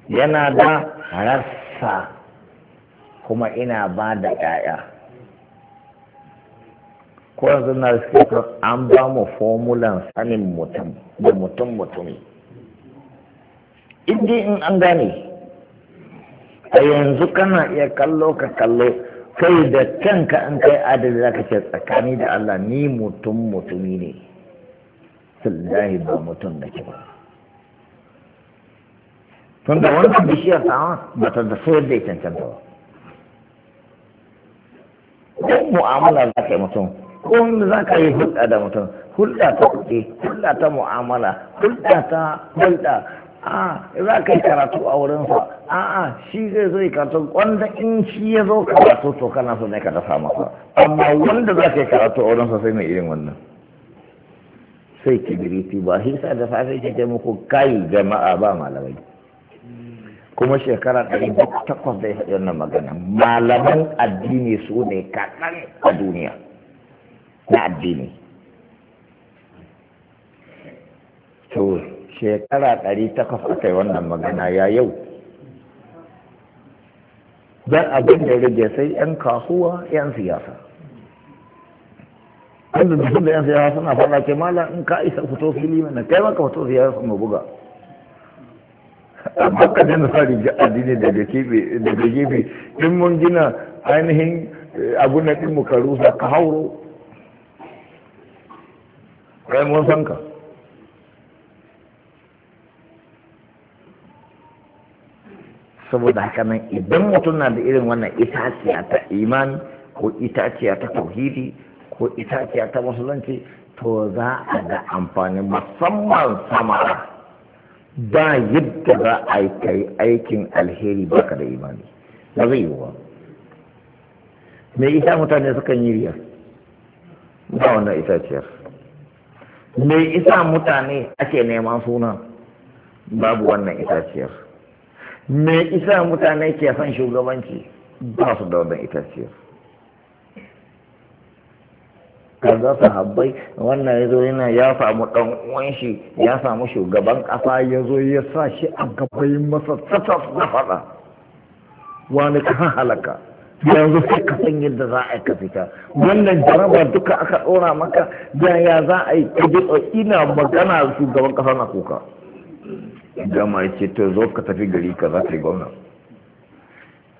yana da rassa kuma ina ba da ƴaƴa ko yanzu na rikitar an ba mu fomulan sanin mutum da mutum mutumi inda in an gane a yanzu kana iya kallo ka kallo kai da kanka an kai adali zaka ce tsakani da Allah ni mutum mutumi ne sallahi ba mutum da ke ba tun da wannan bishiyar tawa ba ta da sayar da ya cancanta ba ko mu'amala za ka yi mutum ko wanda za ka yi hulɗa da mutum hulɗa ta kuɗi hulɗa ta mu'amala hulɗa ta hulɗa a za ka yi karatu a wurinsa a a shi zai zo yi karatu wanda in shi ya zo karatu to kana so ne ka dafa masa amma wanda za ka yi karatu a wurinsa sai mai irin wannan sai kibiriti ba shi sa da safe ke ce muku kai jama'a ba malamai kuma shekara ɗari takwas da ya wannan magana malaman addini su ne kaɗan a duniya na addini to shekara ɗari takwas aka yi wannan magana ya yau don abin da rage sai 'yan kasuwa 'yan siyasa wanda da da yan siyasa suna fara ke mala in ka isa fito fili mana kai maka fito siyasa mu buga amma ka jana sa riga addini da gefe daga gefe in mun gina ainihin eh, abu na ɗin mukaru ka ka hauro kai mun san ka saboda haka nan idan mutum na da irin wannan itaciya ta iman ko itaciya ta tauhidi ko itaciya ta musulunci to za a ga amfani musamman samara ba yadda za a yi kai aikin alheri baka da imani ba zai yi ba me isa mutane sukan yi riya ba wannan itaciyar me isa mutane ake neman suna babu wannan itaciyar me isa mutane ke son shugabanci ba su da wannan itaciyar kaza sahabbai wannan ya zo yana ya samu ɗan uwan shi ya samu shugaban ƙasa ya zo ya sa shi a gabayin masa tsatsaf na faɗa wani ka halaka yanzu sai ka san yadda za a ka fita wannan jaraba duka aka ɗora maka yaya za a yi ina magana shugaban ƙasa na kuka gama ya ce to zo ka tafi gari ka za ka yi gwamna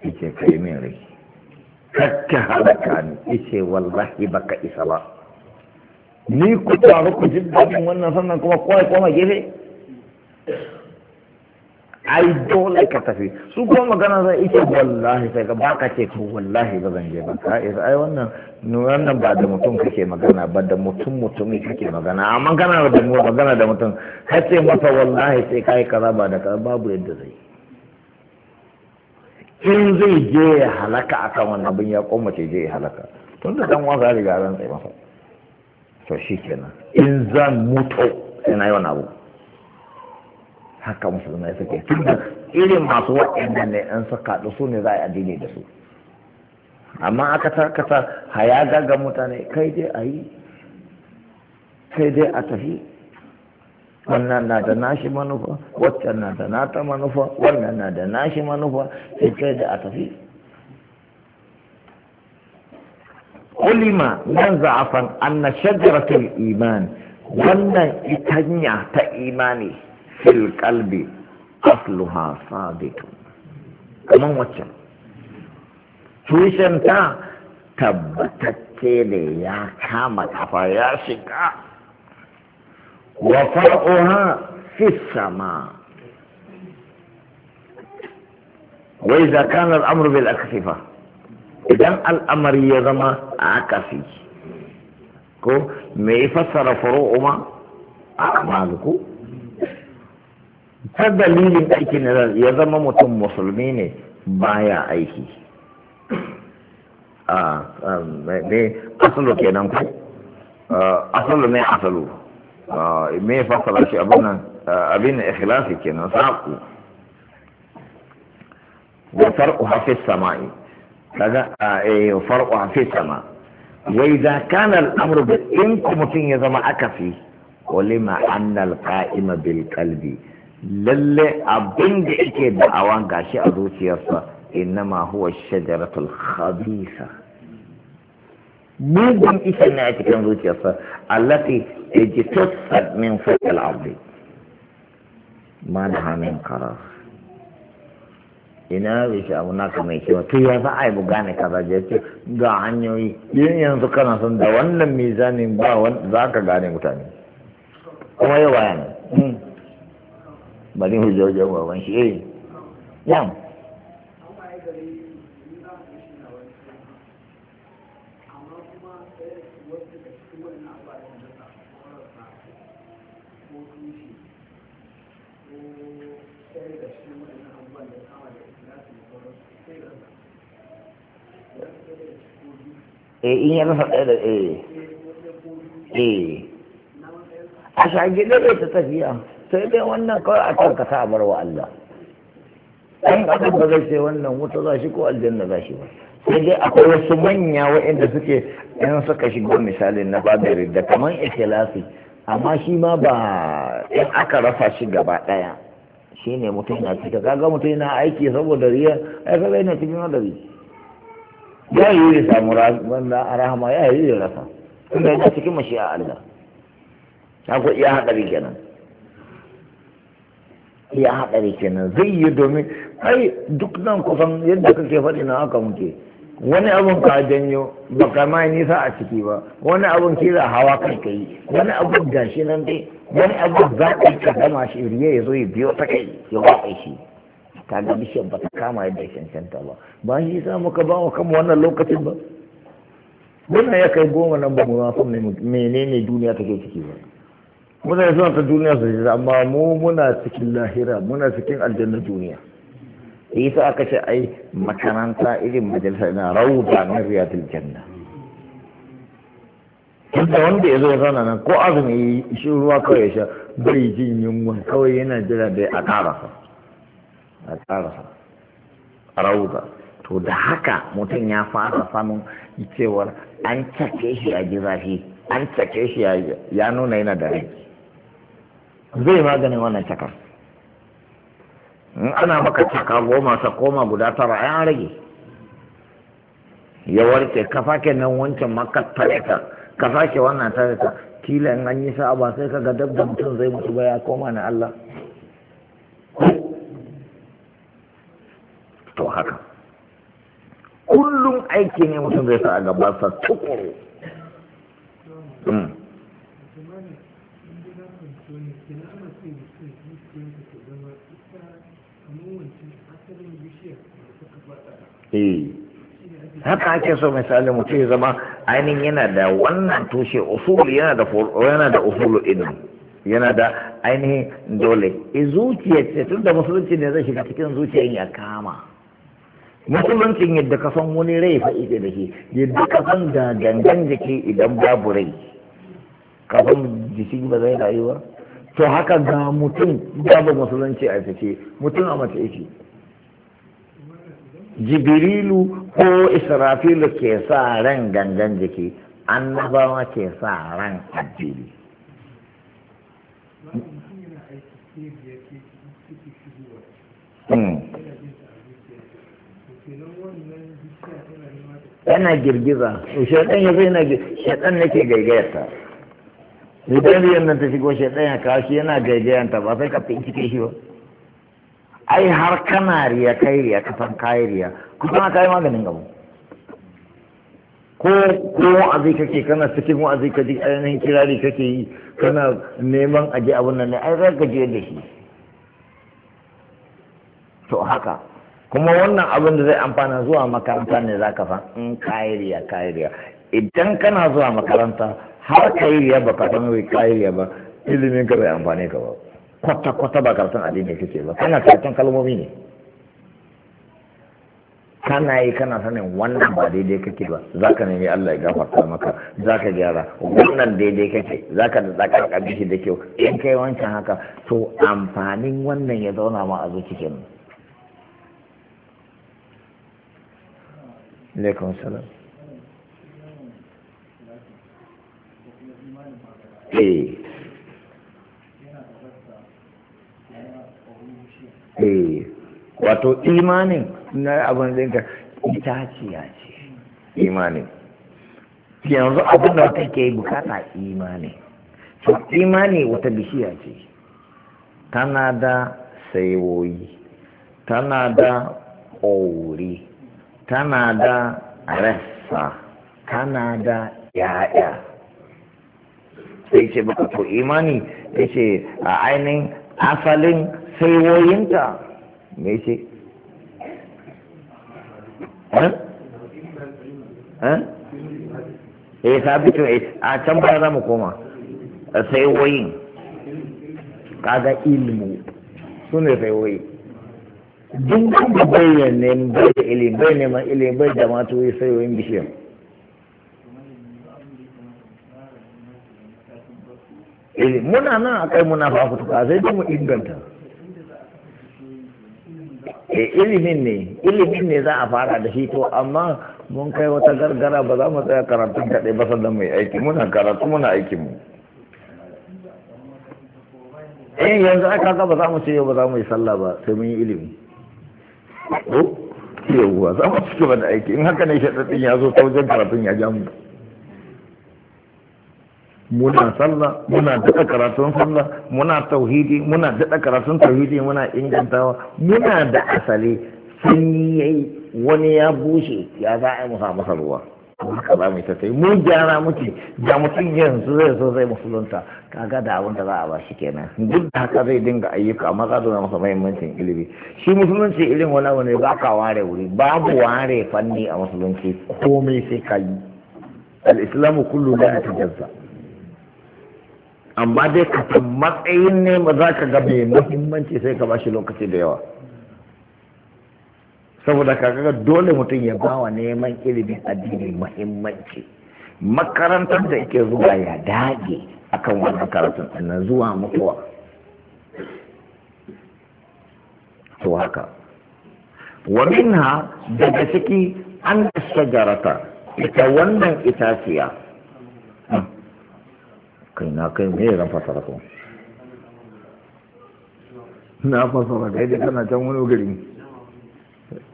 ya ce ka yi min rai kakka halaka ne ishe wallahi baka isa ba ni ku taru ku ji daɗin wannan sannan kuma kawai kuma gefe ai dole ka tafi su kuma magana zai ita wallahi sai ka baka ce to wallahi ba zan je ba ka ai wannan wannan ba da mutum kake magana ba da mutum mutumi kake magana amma kana da magana da mutum har sai masa wallahi sai kai kaza ba da kaza babu yadda zai in zai je ya halaka kan wannan abin ya ce je ya halaka tun da dan wasa riga ran tsaye masa to shi kenan in zan mutu sai na yi wani abu haka musulmai suke tun da irin masu waɗannan ne an suka da su ne za a yi addini da su amma aka tarkata haya ga mutane kai dai a yi kai dai a tafi wannan na da nashi manufa waccan na da nata manufa wannan na da nashi manufa sai kai da a tafi ulima nan za'afan anna shajaratul iman wannan itanya ta imani fil qalbi asluha sabitun kaman waccan tushenta tabbatacce ne ya kama kafa ya shiga وفرعها في السماء وإذا كان الأمر بالأكسفة إذا الأمر يضم عكسي ko me ya fassara furu'u ma a'maluku ta dalilin aikin ya zama mutum musulmi ne baya aiki a ne kenan ku asalo ne asalo me fasara shi abin nan abin ikhlasi kenan saku wa farqu hafi samai kaga eh farqu hafi sama wa idza kana al-amru bi in mutum ya zama akasi ulima anna al-qa'ima bil qalbi lalle abin da yake da'awan gashi a zuciyarsa innama huwa shajaratul khabisa mugun isa ne a cikin zuciyarsa allati ijtassat min fadar abu ma da hannun karar ina bai shi abu naka mai cewa to ya za a yi buga ne kaza je ce ga hanyoyi yin yanzu kana son da wannan mizanin ba za ka gane mutane kuma yau baya ne hmm. bari hujjojen wawan shi eh yan eh in ya rasa ɗaya da e eh a shagidar da ta tafiya sai dai wannan kawai a karkata a barwa Allah ɗan adam ba zai ce wannan wuta za shi ko aljanna za shi ba sai dai akwai wasu manya waɗanda suke yan suka shigo misalin na babiri da kamar ikhlasi amma shi ma ba in aka rasa shi gaba ɗaya ne mutum na cika kaga mutum na aiki saboda riya ai kaga yana cikin hadari ya yi yi samu wanda a rahama ya yi yi rasa inda yana cikin mashi a Allah ta ku iya haɗari kenan iya haɗari kenan zai yi domin ai duk nan kusan yadda kake faɗi na haka muke wani abun ka janyo baka ma nisa a ciki ba wani abun za hawa kai kai wani abun gashi nan dai wani abun za ka gama shi riya ya zo ya biyo ta kai ya watsa shi ga bishiyar ba ta kama yadda ya cancanta ba ba shi sa muka ba wa kama wannan lokacin ba wannan ya kai goma nan ba mu ma san menene duniya take ciki ba muna yi zuwa ta duniya su ce amma mu muna cikin lahira muna cikin aljanna duniya isa aka ce ai makaranta irin majalisa na rauda na riyadul janna da wanda ya zo zana nan ko azumi shi ruwa kawai ya sha bai jin yunwa kawai yana jira da a ƙarasa. a tsarasa rauda to da haka mutum ya fara samun cewar an cake shi a gizafi an cake shi ya nuna yana da rai zai maganin wannan cakar in ana maka caka goma sa koma guda tara an rage ya warke ka fake nan wancan maka tareta ka fake wannan tareta kila in an yi sa'a ba sai ka ga dab da mutum zai mutu ba ya koma na Allah to haka kullum aiki ne mutum zai sa a gabansa tukuru hmm. eh. haka ake so misali mutum ya zama ainihin yana da wannan tushe usulu yana da yana da usulu ilmi yana da ainihin dole eh, zuciya ce tun da musulunci ne zai shiga cikin zuciya ya kama musuluncin yadda ka san wani rai fa'i da shi yadda ka san da gangan jiki idan babu rai ka san jiki ba zai rayu ba to haka ga mutum babu musulunci a fice mutum a mace yake jibrilu ko israfilu ke sa ran gangan jiki annabawa ke sa ran addini Hmm. yana girgiza shaidan ya zai na shaidan nake gaigayarta idan riyar nan ta shigo shaidan ya kawo shi yana gaigayanta ba sai ka bincike shi ba ai har kana riya kai riya ka san kai riya san ka yi maganin gabo ko ko wa'azi kake kana cikin wa'azi ka ji ainihin kirari kake yi kana neman ji abin nan ne ai zai ka je da shi to haka kuma wannan abin da zai amfana zuwa makaranta ne za ka san in kayiriya kayiriya idan kana zuwa makaranta har kayiriya ba ka san wai kayiriya ba ilimin ka bai amfane ka ba kwata kwata ba karatun addini kake ba kana karatun kalmomi ne kana yi kana sanin wannan ba daidai kake ba za ka nemi Allah ya gafarta maka za ka gyara wannan daidai kake za ka da tsakar kabishi da kyau in kai wancan haka to amfanin wannan ya zauna ma a zuci kenan Alaikun salam eh. Eh. wato imanin na abin zinka ita ce ce imanin yanzu abin da ke bukata imanin to imani wata bishiya ce tana da saiwoyi tana da ƙori tana da rassa tana da ya'ya sai ce baka ko imani ya ce a ainihin asalin saiwoyinta me ce eh, eh? eh sabitu eh, a can baya za mu koma saiwoyin kaga ilmu su ne saiwoyi duk da ne bai da ilimi bai neman ilimi bai da mata sai sayoyin bishiyar eh, muna nan a kai muna fafutuka sai dai mu inganta e ilimin ne ilimin ne za a fara da shi to amma mun kai wata gargara ba za mu tsaya karatun dai ba sannan mai aiki muna karatu muna aiki mu eh yanzu aka ga ba za mu ce yau ba za mu yi sallah ba sai mun yi ilimi ko yawwa za mu cigaba da aiki in haka ne shaɗaɗin ya zo ta wajen karatun ya jamu muna sallah muna daɗa karatun sallah muna tauhidi muna daɗa karatun tauhidi muna ingantawa muna da asali sun yi wani ya bushe ya za a yi musamman ruwa haka ba mu sai mu gyara muke da mutum yanzu zai so zai musulunta kaga da abin da za a ba shi kenan duk da haka zai dinga ayyuka amma za su masa mahimmancin ilimi shi musulunci irin wani abu ne ba ka ware wuri babu ware fanni a musulunci komai sai ka yi al'islamu kullu ta yatajazza amma dai ka matsayin ne ba za ka ga mai muhimmanci sai ka ba shi lokaci da yawa saboda kaga dole mutum ya ba wa neman ilimin addini muhimmanci makarantar da ke zuwa ya dage akan wannan karatun na zuwa mutuwa to haka wa minha daga ciki an jarata ita wannan itaciya hmm. kai na kai me ran fasara ko na fasara kai kana can wani gari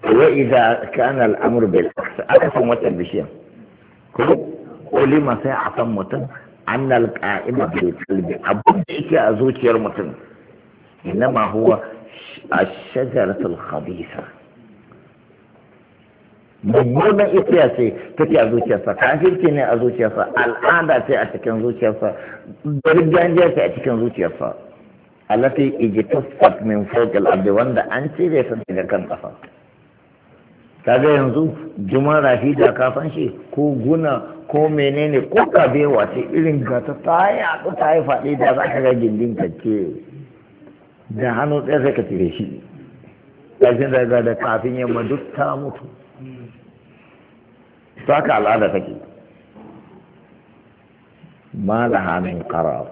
وإذا كان الأمر بالعكس أكف متى بشيء ولما سي عطم متى أن القائمة بالقلب أبد إكي يا يرمتن إنما هو الشجرة الخبيثة مجمونا إكي أسي تكي أزوج يسا كان في الكيني أزوج يسا الآن أتي أتكي أزوج يسا برجان جاتي أتكي أزوج يسا التي اجتثت من فوق الأرض وانده انت ليسا تكي أزوج يسا kaga yanzu juman rafi da kafan shi ko guna ko menene ko kabewa ce irin gata ta yi a ta yi faɗi da za ka ga gindin ka ce da hannu ɗaya sai ka cire shi ƙarshen daga da kafin yamma duk ta mutu ta ka al'ada take ma da hannun ƙara.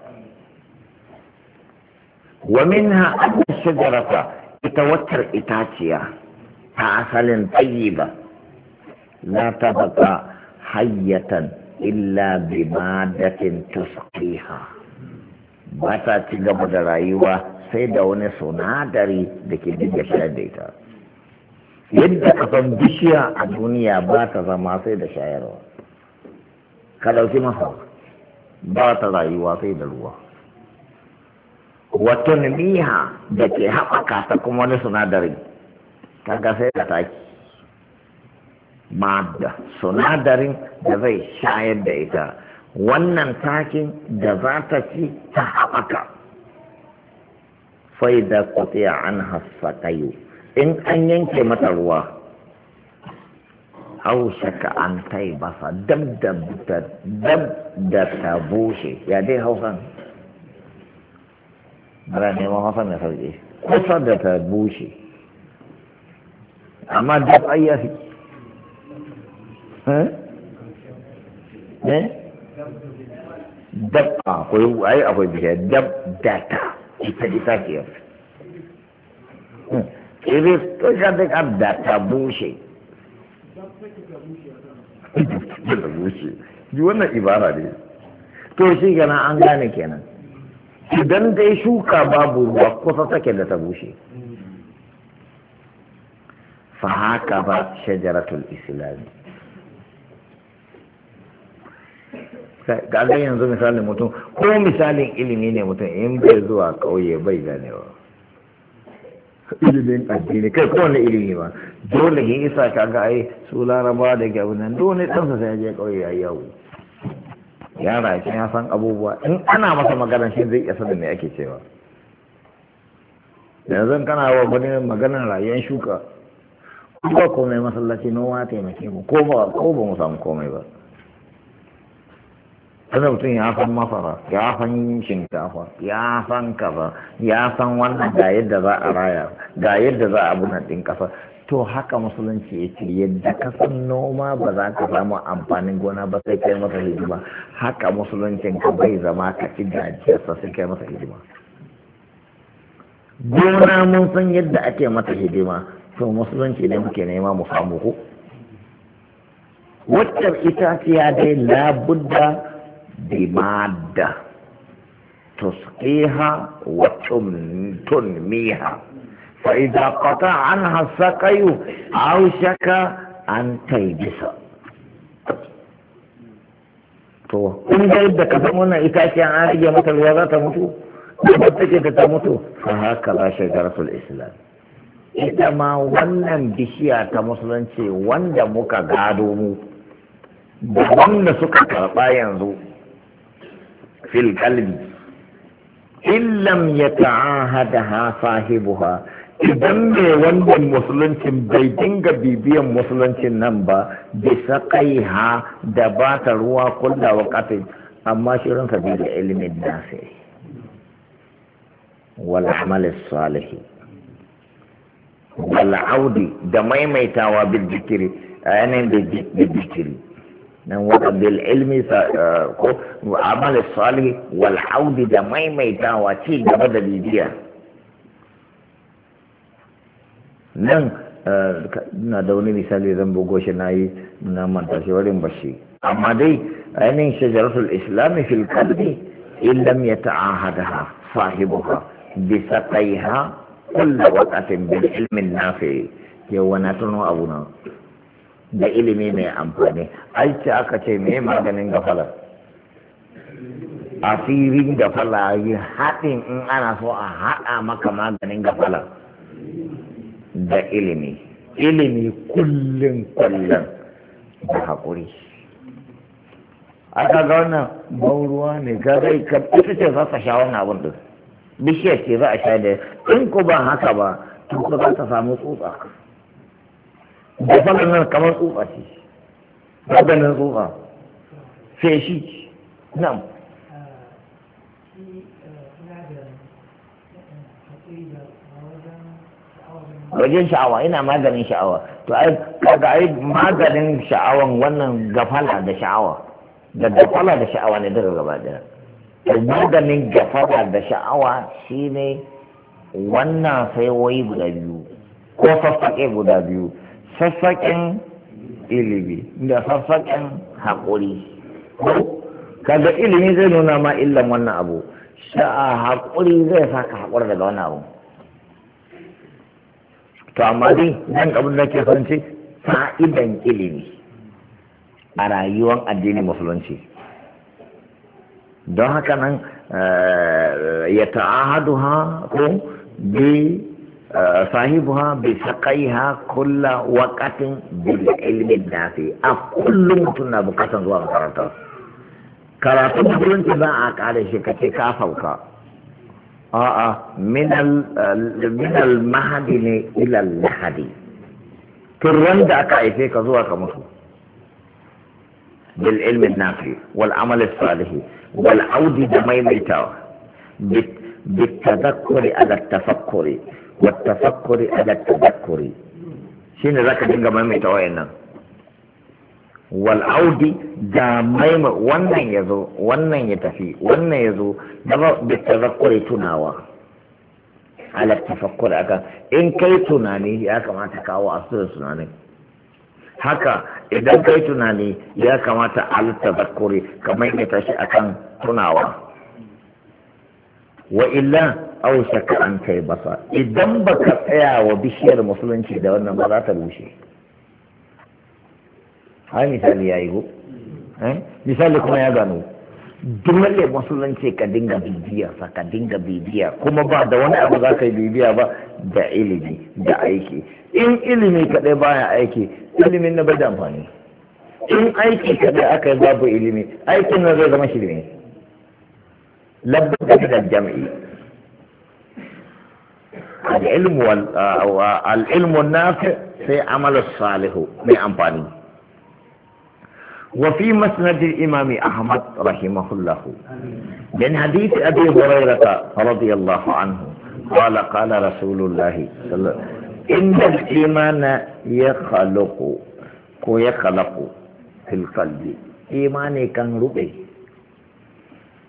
wa min ha shajarata ita watar itaciya ta asalin Za la baka hayyatan illa bi madatin tusqiha ba ta ci gaba da rayuwa sai da wani sunadari da ke dinga shayar da ita yadda ka san bishiya a duniya ba ta zama sai da shayarwa ka ɗauki masa ba ta rayuwa sai da ruwa wata biha da ke haɓaka ta kuma wani sunadari kaga sai da taki madda sunadarin da zai shayar da ita wannan takin da za ta ci ta haɓaka fai da kwatiya an hassakayo in an yanke mata ruwa hau shaka an tai basa dab da ta bushe ya dai hau hausan bara neman hafa mai sauƙi kusa da ta bushe amma duk ai ya fi eh? eh dab akwai ai akwai bishiya dab data ita ita ke yafi iris to sha duk data bushe da bushe ji wannan ibara ne to shi gana an gane kenan idan dai shuka babu ruwa kusa take da ta bushe ba shajaratul الإسلام ga yanzu misalin mutum ko misalin ilimi ne mutum in bai zuwa kauye bai ganewa ilimin addini kai wani ilimi ba dole ke isa ka ga ai su laraba da gabi nan dole sa sai je kauye ya yau yara shi ya san abubuwa in ana masa magana shi zai iya sanin me ake cewa yanzu kana wa wani maganar rayuwar shuka ba komai masallaci noma taimake mu ko ba ko ba mu samu komai ba kada mutum ya san masara ya san shinkafa ya san kaza ya san wannan ga yadda za a raya ga yadda za a bunan din kasa to haka musulunci ya ce yadda ka san noma ba za ka samu amfanin gona ba sai kai masa hidima haka musuluncin ka bai zama ka ci gajiyarsa sai kai masa hidima gona mun san yadda ake masa hidima to musulunci ne muke nema mu samu ku waccan itaciya dai labudda bi madda تسقيها وتنميها فإذا قطع عنها السقي أوشك أن تيبس to kun ga yadda ka san wannan itaciyar an rage mata ruwa za ta mutu da take da ta mutu fa haka la shajaratul islam ita ma wannan bishiya ta musulunci wanda muka gado mu da wanda suka karɓa yanzu fil kalbi illam ya ta'ahada ha sahibuha idan ne wannan musuluncin bai dinga bibiyan musuluncin nan ba bisa kai ha da ba ta ruwa kulla wa kafin amma shirin ka bi da ilimin nasi wal amalis salihin wal'audi da maimaitawa bil a yanayin da zikiri nan wata bil ilmi ko amal salih wal'audi da maimaitawa ci gaba da bibiya nan na da wani misali zan bugo shi na yi na manta shi bashi amma dai ainihin shajaratul islami fil kalbi in ya yata'ahadaha sahibuha bi sataiha kulla waqatin bil ilmin nafi ke wani abuna. da ilimi mai amfani aiki aka ce mai maganin gafalar asirin gafala yi haɗin in ana so a haɗa maka maganin gafala da ilimi ilimi kullum kullum da haƙuri aka ga wannan ban ruwa ne ga zai ka ita ce za ta sha wani abin da bishiyar ce za a sha da in ko ba haka ba to ko za ta samu tsutsa da falon nan kamar tsutsa ce maganin tsutsa feshi nan wajen sha'awa ina maganin sha'awa to ai kaga ai maganin sha'awan wannan gafala da sha'awa da gafala da sha'awa ne daga gaba daya maganin gafala da sha'awa shine wannan saiwoyi guda biyu ko sassaƙe guda biyu sassaƙen ilimi da sassaƙen haƙuri kaga ilimi zai nuna ma illan wannan abu sha'a haƙuri zai saka haƙura daga wannan abu to amma dai nan abin da ke sanci fa'idan ilimi a rayuwar addinin musulunci don haka nan eh, ya ta'ahadu ha ko bi eh, sahibuha bi saqaiha kulla waqatin bil ilmi nafi a kullum mutum na bukatan zuwa makaranta karatun kulunci ba a kare shi kace ka sauka a'a minal eh, mahadi ne ilal lahadi turran da aka aife ka zuwa ka mutu bil ilmi nafi wal amal salih wal audi da maimaitawa بالتذكر على التفكر والتفكر على التذكر شنو ذاك دينغا ما متوينا والعود دا ميم wannan yazo wannan ya tafi wannan yazo da بالتذكر tunawa ala التفكر aka in kai tunani ya kamata kawo asirin tunanin haka idan kai tunani ya kamata a tazakkuri kamar maimaita tashi akan tunawa wa illa aw shakka an kai basa idan baka tsaya wa bishiyar musulunci da wannan ba za ta rushe hai misali ya yi go eh? misali kuma ya gano dole musulunci ka dinga bibiya sa ka dinga bibiya kuma ba da wani abu za ka yi bibiya ba da ilimi da aiki in ilimi kadai baya aiki ilimin na bai da amfani in aiki kadai aka yi babu ilimi aikin na zai zama shirme لابد من الجمع العلم والعلم آه، النافع في عمل الصالح من أمباني وفي مسند الإمام أحمد رحمه الله من حديث أبي هريرة رضي الله عنه قال قال رسول الله صلى الله عليه وسلم إن الإيمان يخلق ويخلق في القلب إيماني كان ربي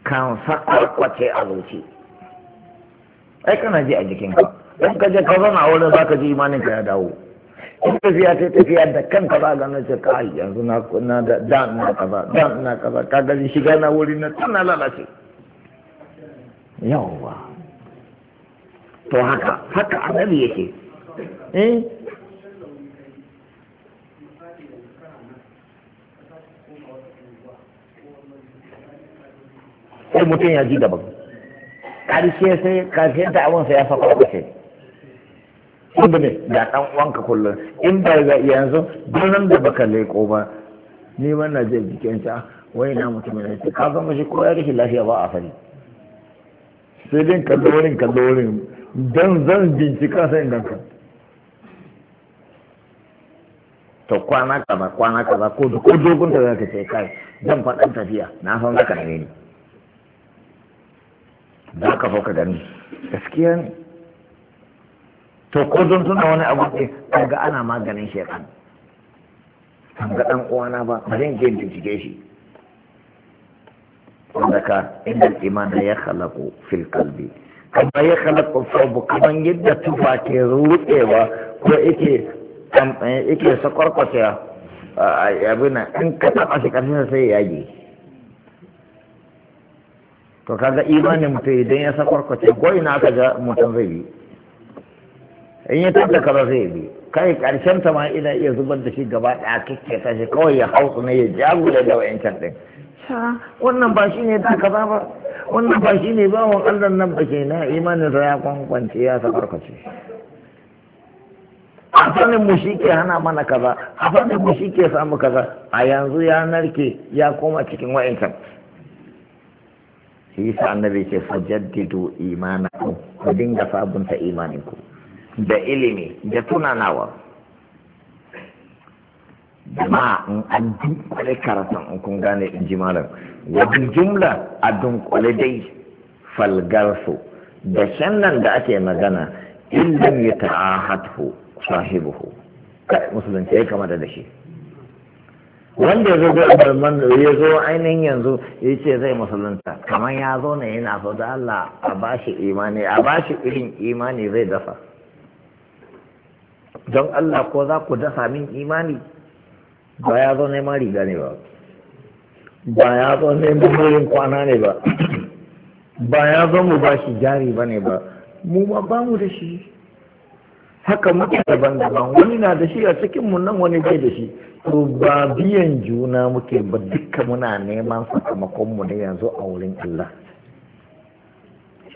kan sakwarkwace a zuci ai kana ji a jikinka in ka je ka zama a wurin zaka ji imanin ka ya dawo in tafiya ta tafiya da kanka za ga nace kai yanzu na na da dan na kaza dan na kaza ka ga shiga na wuri na tana lalace Yawa. to haka haka annabi yake eh sai mutum ya ji daban karshe sai karshen ta abin sai ya fa kwakwashe inda ne ga dan uwanka kullum in ba ga yanzu nan da baka leko ba ni ma na je jikin ta wai na mutum ne sai ka zama shi ko ya rashin lafiya ba a fari sai dai kallo wurin kallo wurin dan zan bincika sai in ganka to kwana kaza kwana kaza ko dogon ta zaka ce kai zan faɗan tafiya na san zaka ne ni za ka fauka Da gani gaskiya ne to ko don suna wani abu ne ga ana maganin shekan ban ga dan uwana ba ba zan je bincike shi ka inda imana ya khalaqu fil qalbi kama ya khalaqu sabu kaman yadda tufa ke rutsewa ko yake yake sakwarkwata abin in ka taba shi karshen sai ya yi. to kaga imanin mutum idan ya kwarkwace ko ina aka ga mutum zai bi in ya tabda kaza zai bi kai karshen ta ma ina iya zubar da shi gaba ɗaya kike ta shi kawai ya hau, ne ya jago da wa'ancan ɗin wannan ba shi ne da kaza ba wannan ba shi ne ba wa allah nan ba ke na imanin sa ya kwankwance ya a hasanin mu shi ke hana mana kaza hasanin mu shi ke samu kaza a yanzu ya narke ya koma cikin wa'ancan shi yasa annabi ce fajaddidu imanakum ku dinga sabunta imaninku da ilimi da tunanawa jama'a in an dunkule karatun in kun gane in ji malam wajen jumla a dunkule dai falgarsu da shannan da ake magana illan ya ta'ahatu sahibuhu musulunci ya kama da shi wanda ya zo ya zo ainihin yanzu ya ce zai musulunta kamar ya zo ne yana so da Allah a bashi imani a bashi irin imani zai dafa don Allah ko za ku dafa min imani ba ya zo neman riga ne ba ba ya zo neman murin kwana ne ba ba ya zo mu bashi jari ba ne ba mu ba mu da shi haka muke daban-daban wani na da shi a cikin mu nan wani bai da shi to ba biyan juna muke ba duka muna neman sakamakon mu ne yanzu a wurin Allah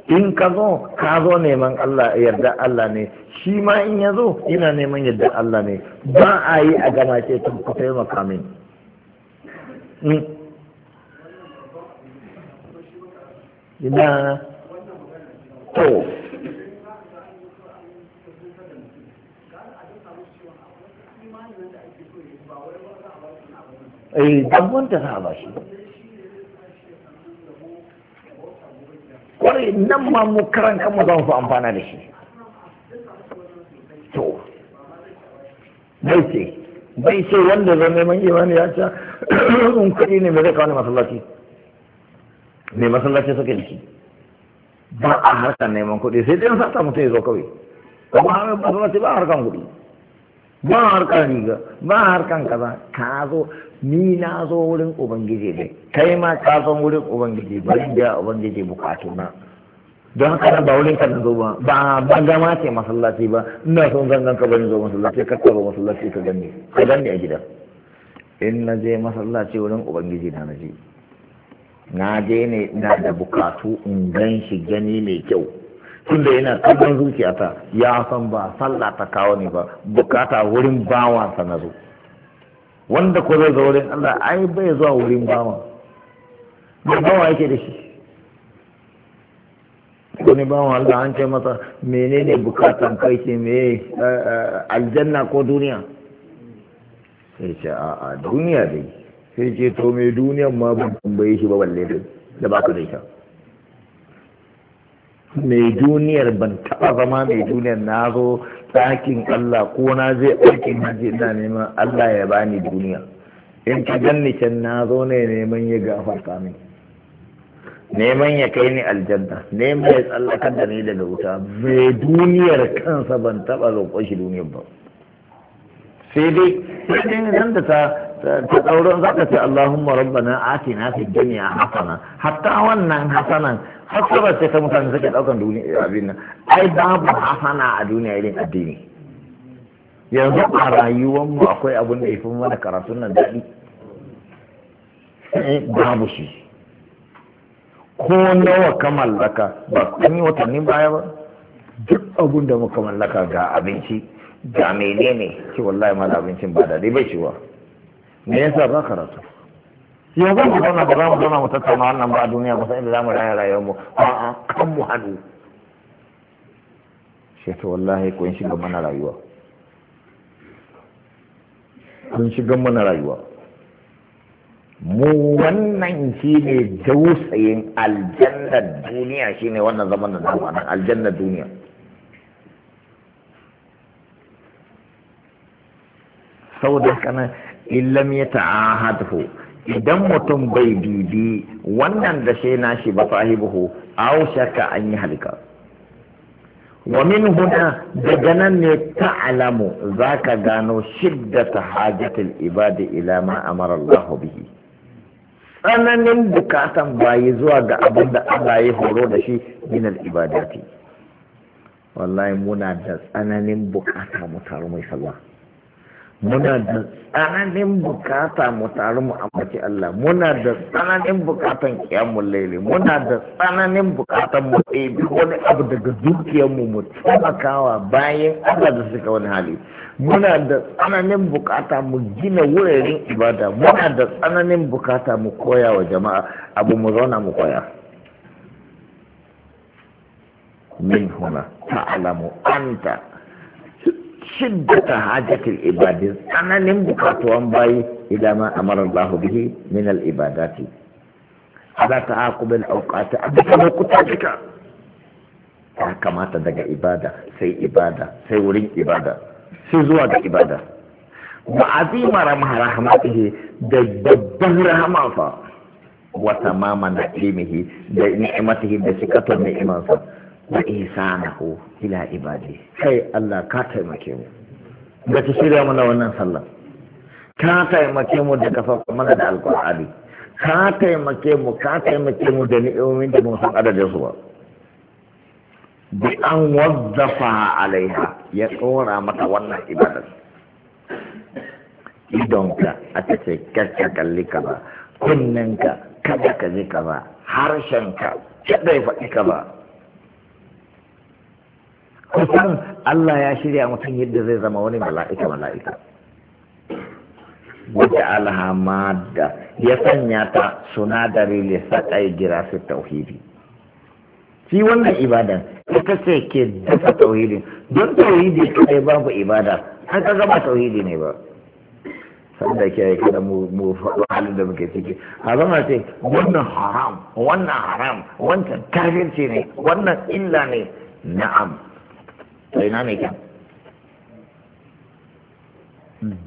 in ka zo ka zo neman Allah yarda Allah ne shi ma in ya zo yana neman yarda Allah ne ba a yi a gama ce tun ku taimaka min hmm. ina to eh damuwan ta sa ba shi kwarai nan ma mu karan kanmu za mu fi amfana da shi to bai ce bai ce wanda zai neman imani ya ce in kuɗi ne mai zai kawo masallaci mai masallaci suke ciki ba a harkar neman kuɗi sai dai sata mutum ya zo kawai kuma har masallaci ba a harkan kuɗi ba a harkar riga ba a harkar kaza ka zo ni na zo wurin ubangiji ne kai ma ka zo wurin ubangiji ba zan biya ubangiji bukatu na don haka na ba wurin ka na zo ba ba ba gama ce masallaci ba ina son zan ganka bari zo masallaci ka ka zo masallaci ka gani ka gani a gida in na je masallaci wurin ubangiji na naje na je ne na da bukatu in gan shi gani mai kyau da yana kallon zuciyata ya san ba sallah ta kawo ne ba bukata wurin bawansa na zo wanda ko zai zaure Allah ai bai zuwa wurin bawa da bawa yake da shi wani bawa Allah an ce masa menene bukatan kai ce me eh, aljanna ko duniya sai ce a'a duniya dai sai ce to me duniyan ma ban tambaye shi ba balle da ka da ita mai duniyar ban taba zama mai duniyar na zo ɗakin Allah ko na je na haji ina neman Allah ya bani duniya in ka ganni can na zo ne neman ya gafarta min neman ya kai ni aljanna neman ya tsallakar da ni daga wuta mai duniyar kansa ban taba zo shi duniyar ba sai dai sai dai nan da ta ta ɗauran za ka ce Allahumma rabbana atina fi dunya hasana hatta wannan hasanan hasara ce ta mutane suke ɗaukan duniya abin nan ai babu hasana a duniya irin addini yanzu a rayuwar mu akwai abin da yafi mana karatun nan daɗi eh, babu shi ko nawa ka mallaka ba kun yi watanni baya ba duk abin da muka mallaka ga abinci ga menene ki wallahi ma abincin ba daɗi bai ciwa me yasa ba karatu yau zan ku zauna ba za mu zauna mu tattauna wannan ba a duniya ba sai da za mu raya rayuwar mu a'a kan mu haɗu shi ta wallahi kun shiga mana rayuwa kun shiga mana rayuwa mu wannan shi ne dausayin aljannar duniya shi ne wannan zaman da zama nan aljannar duniya saboda kana illam ya ta'ahadhu idan mutum bai bibi wannan da shi nashi ba buhu aw shakka an yi halka wa min huna daga nan ne ta'lamu zaka gano shiddata hajatil ibadi ila ma amara Allah bihi tsananin bukatan bayi zuwa ga abin da Allah ya horo da shi min al ibadati wallahi muna da tsananin bukata mu taru mai sallah muna da tsananin bukata mu taru mu ambaci Allah muna da tsananin bukatan kiyamun laili muna da tsananin bukatan mu ɗebi wani abu daga dukiyarmu mu taimakawa bayan Allah da suka wani hali muna da tsananin bukata mu gina wuraren ibada muna da tsananin bukata mu koya wa jama'a abu mu zauna mu koya min huna ta'lamu anta shiddata hajatil ibadi tsananin bukatuwan bayi idan ma amara Allah bihi min al ibadati ala ta'aqub al awqat abda lokuta duka ya kamata daga ibada sai ibada sai wurin ibada sai zuwa ga ibada wa azima rahmatihi da babban rahama fa wa tamama na'imihi da ni'imatihi da shikatar ni'imansa wa ihsanahu ila ibadi kai Allah ka taimake mu da ta shirya mana wannan sallah ka taimake mu da kafa mana da alqur'ani ka taimake mu ka taimake mu da ni'imomin da mun san adadin su ba bi an wazzafa alaiha ya tsora mata wannan ibadar idonka a ta ce kacce kalli ka ba kunninka kada ka ji ka ba harshenka kada ya faɗi ka ba kusan Allah ya shirya mutum yadda zai zama wani mala'ika mala'ika wata alhama da ya sanya ta sunadari li saƙai gira su tauhidi shi wannan ibadan ita ce ke dafa tauhidi, don tauhidi kai babu ibada an ka gama tauhidi ne ba sanda ke yi kada mu faɗo halin da muke ciki a zama ce wannan haram wannan haram wancan kafirci ne wannan illa ne na'am to ina ne kyan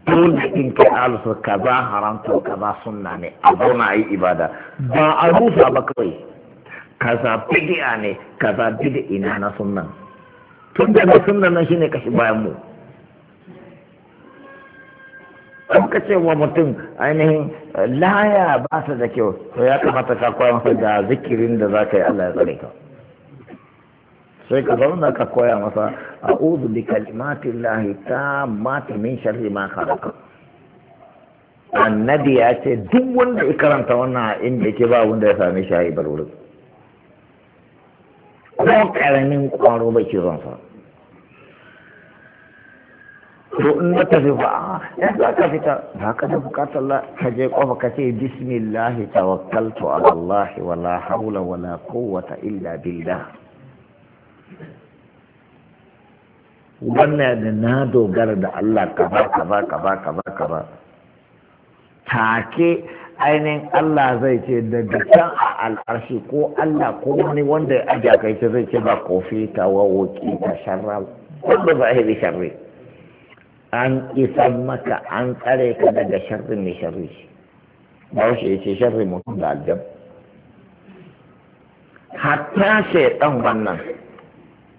dole in kai ka kaza haramta kaza sunna ne a zauna a yi ibada ba a rusa ba kawai kaza bidi'a ne kaza bidi'a na sunnan tun da na sunnan nan shine kashi bayan mu an ka ce wa mutum ainihin laya ba ta da kyau to ya kamata ka koya masa da zikirin da za ka yi Allah ya tsare ka sai ka zauna ka koya masa a bi kalimatin lahi tammati min sharri ma khalaqa annabi ya ce duk wanda ya karanta wannan inda yake ba wanda ya same shayi barwuri ko karamin kwaro ba ke zan sa to in ta fi ba yan ah, za ka fita ba ka da bukatar la ka je kofa ka ce bismillah tawakkaltu ala allah wala hawla wala quwwata illa billah wannan da na dogara da Allah kaba kaba kaba kaba. Ta take ainihin Allah zai ce daga can a al'arshi ko Allah ko wani wanda ya ajiya kai ce zai ce ba kofi ta wawoki ta sharra wanda zahiri sharri an isa maka an tsare ka daga sharri mai sharri bawashi ya ce sharri mutum da aljab hatta shaidan wannan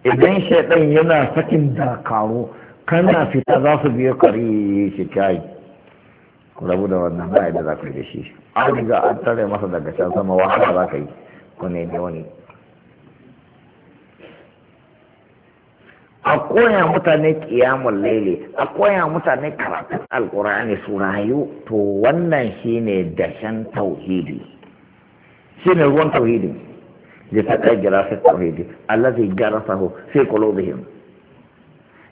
idan shaidan yana sakin dakaro kana fita za su biyo kari shi kyai ku rabu da wannan ba yadda za ku yi da shi an riga an tare masa daga can sama wahala za ka yi ku ne wani a koya mutane kiyamun lele a koya mutane karatun alkur'ani su rayu to wannan shine dashen tauhidi shine ruwan tauhidi لفتح جراس التوحيد الذي جرسه في قلوبهم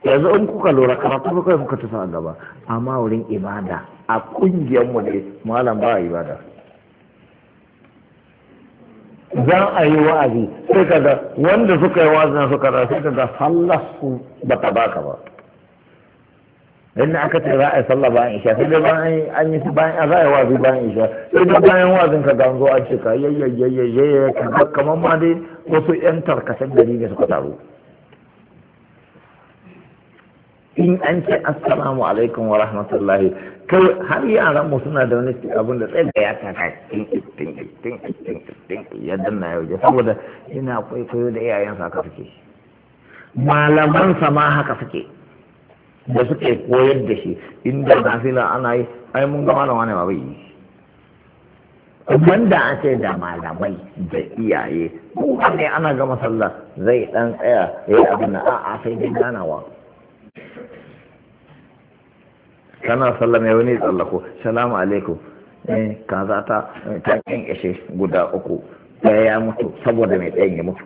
yanzu in kuka lura karatu kuka kai ta tusa gaba amma wurin ibada a kungiyar mu ne malam ba ibada za a yi wa'azi sai kaga wanda suka yi na suka da sai kaga sallah su ba ta baka ba inda aka ce za a yi sallah bayan isha sai dai bayan an yi su bayan za a yi wazi bayan isha sai dai bayan wazin ka gano an ce ka yayyayyayyayyayya ka kamar ma dai wasu yan tarkacen gari ne suka taru in an ce assalamu alaikum wa rahmatullahi kai har yaran mu suna da wani abin da tsaye da ya taka yadda na yau saboda ina kwaikwayo da iyayen haka suke malaman sama haka suke da suke koyar da shi inda fila ana yi ai mun ga malama ne ba yi wanda an ce da malamai da iyaye ko ne ana gama sallah zai dan tsaya ya yi abin a a sai dai ganawa kana sallah mai wani tsallako salamu alaikum eh kaza ta ta ishe guda uku ɗaya ya mutu saboda mai ɗayan ya mutu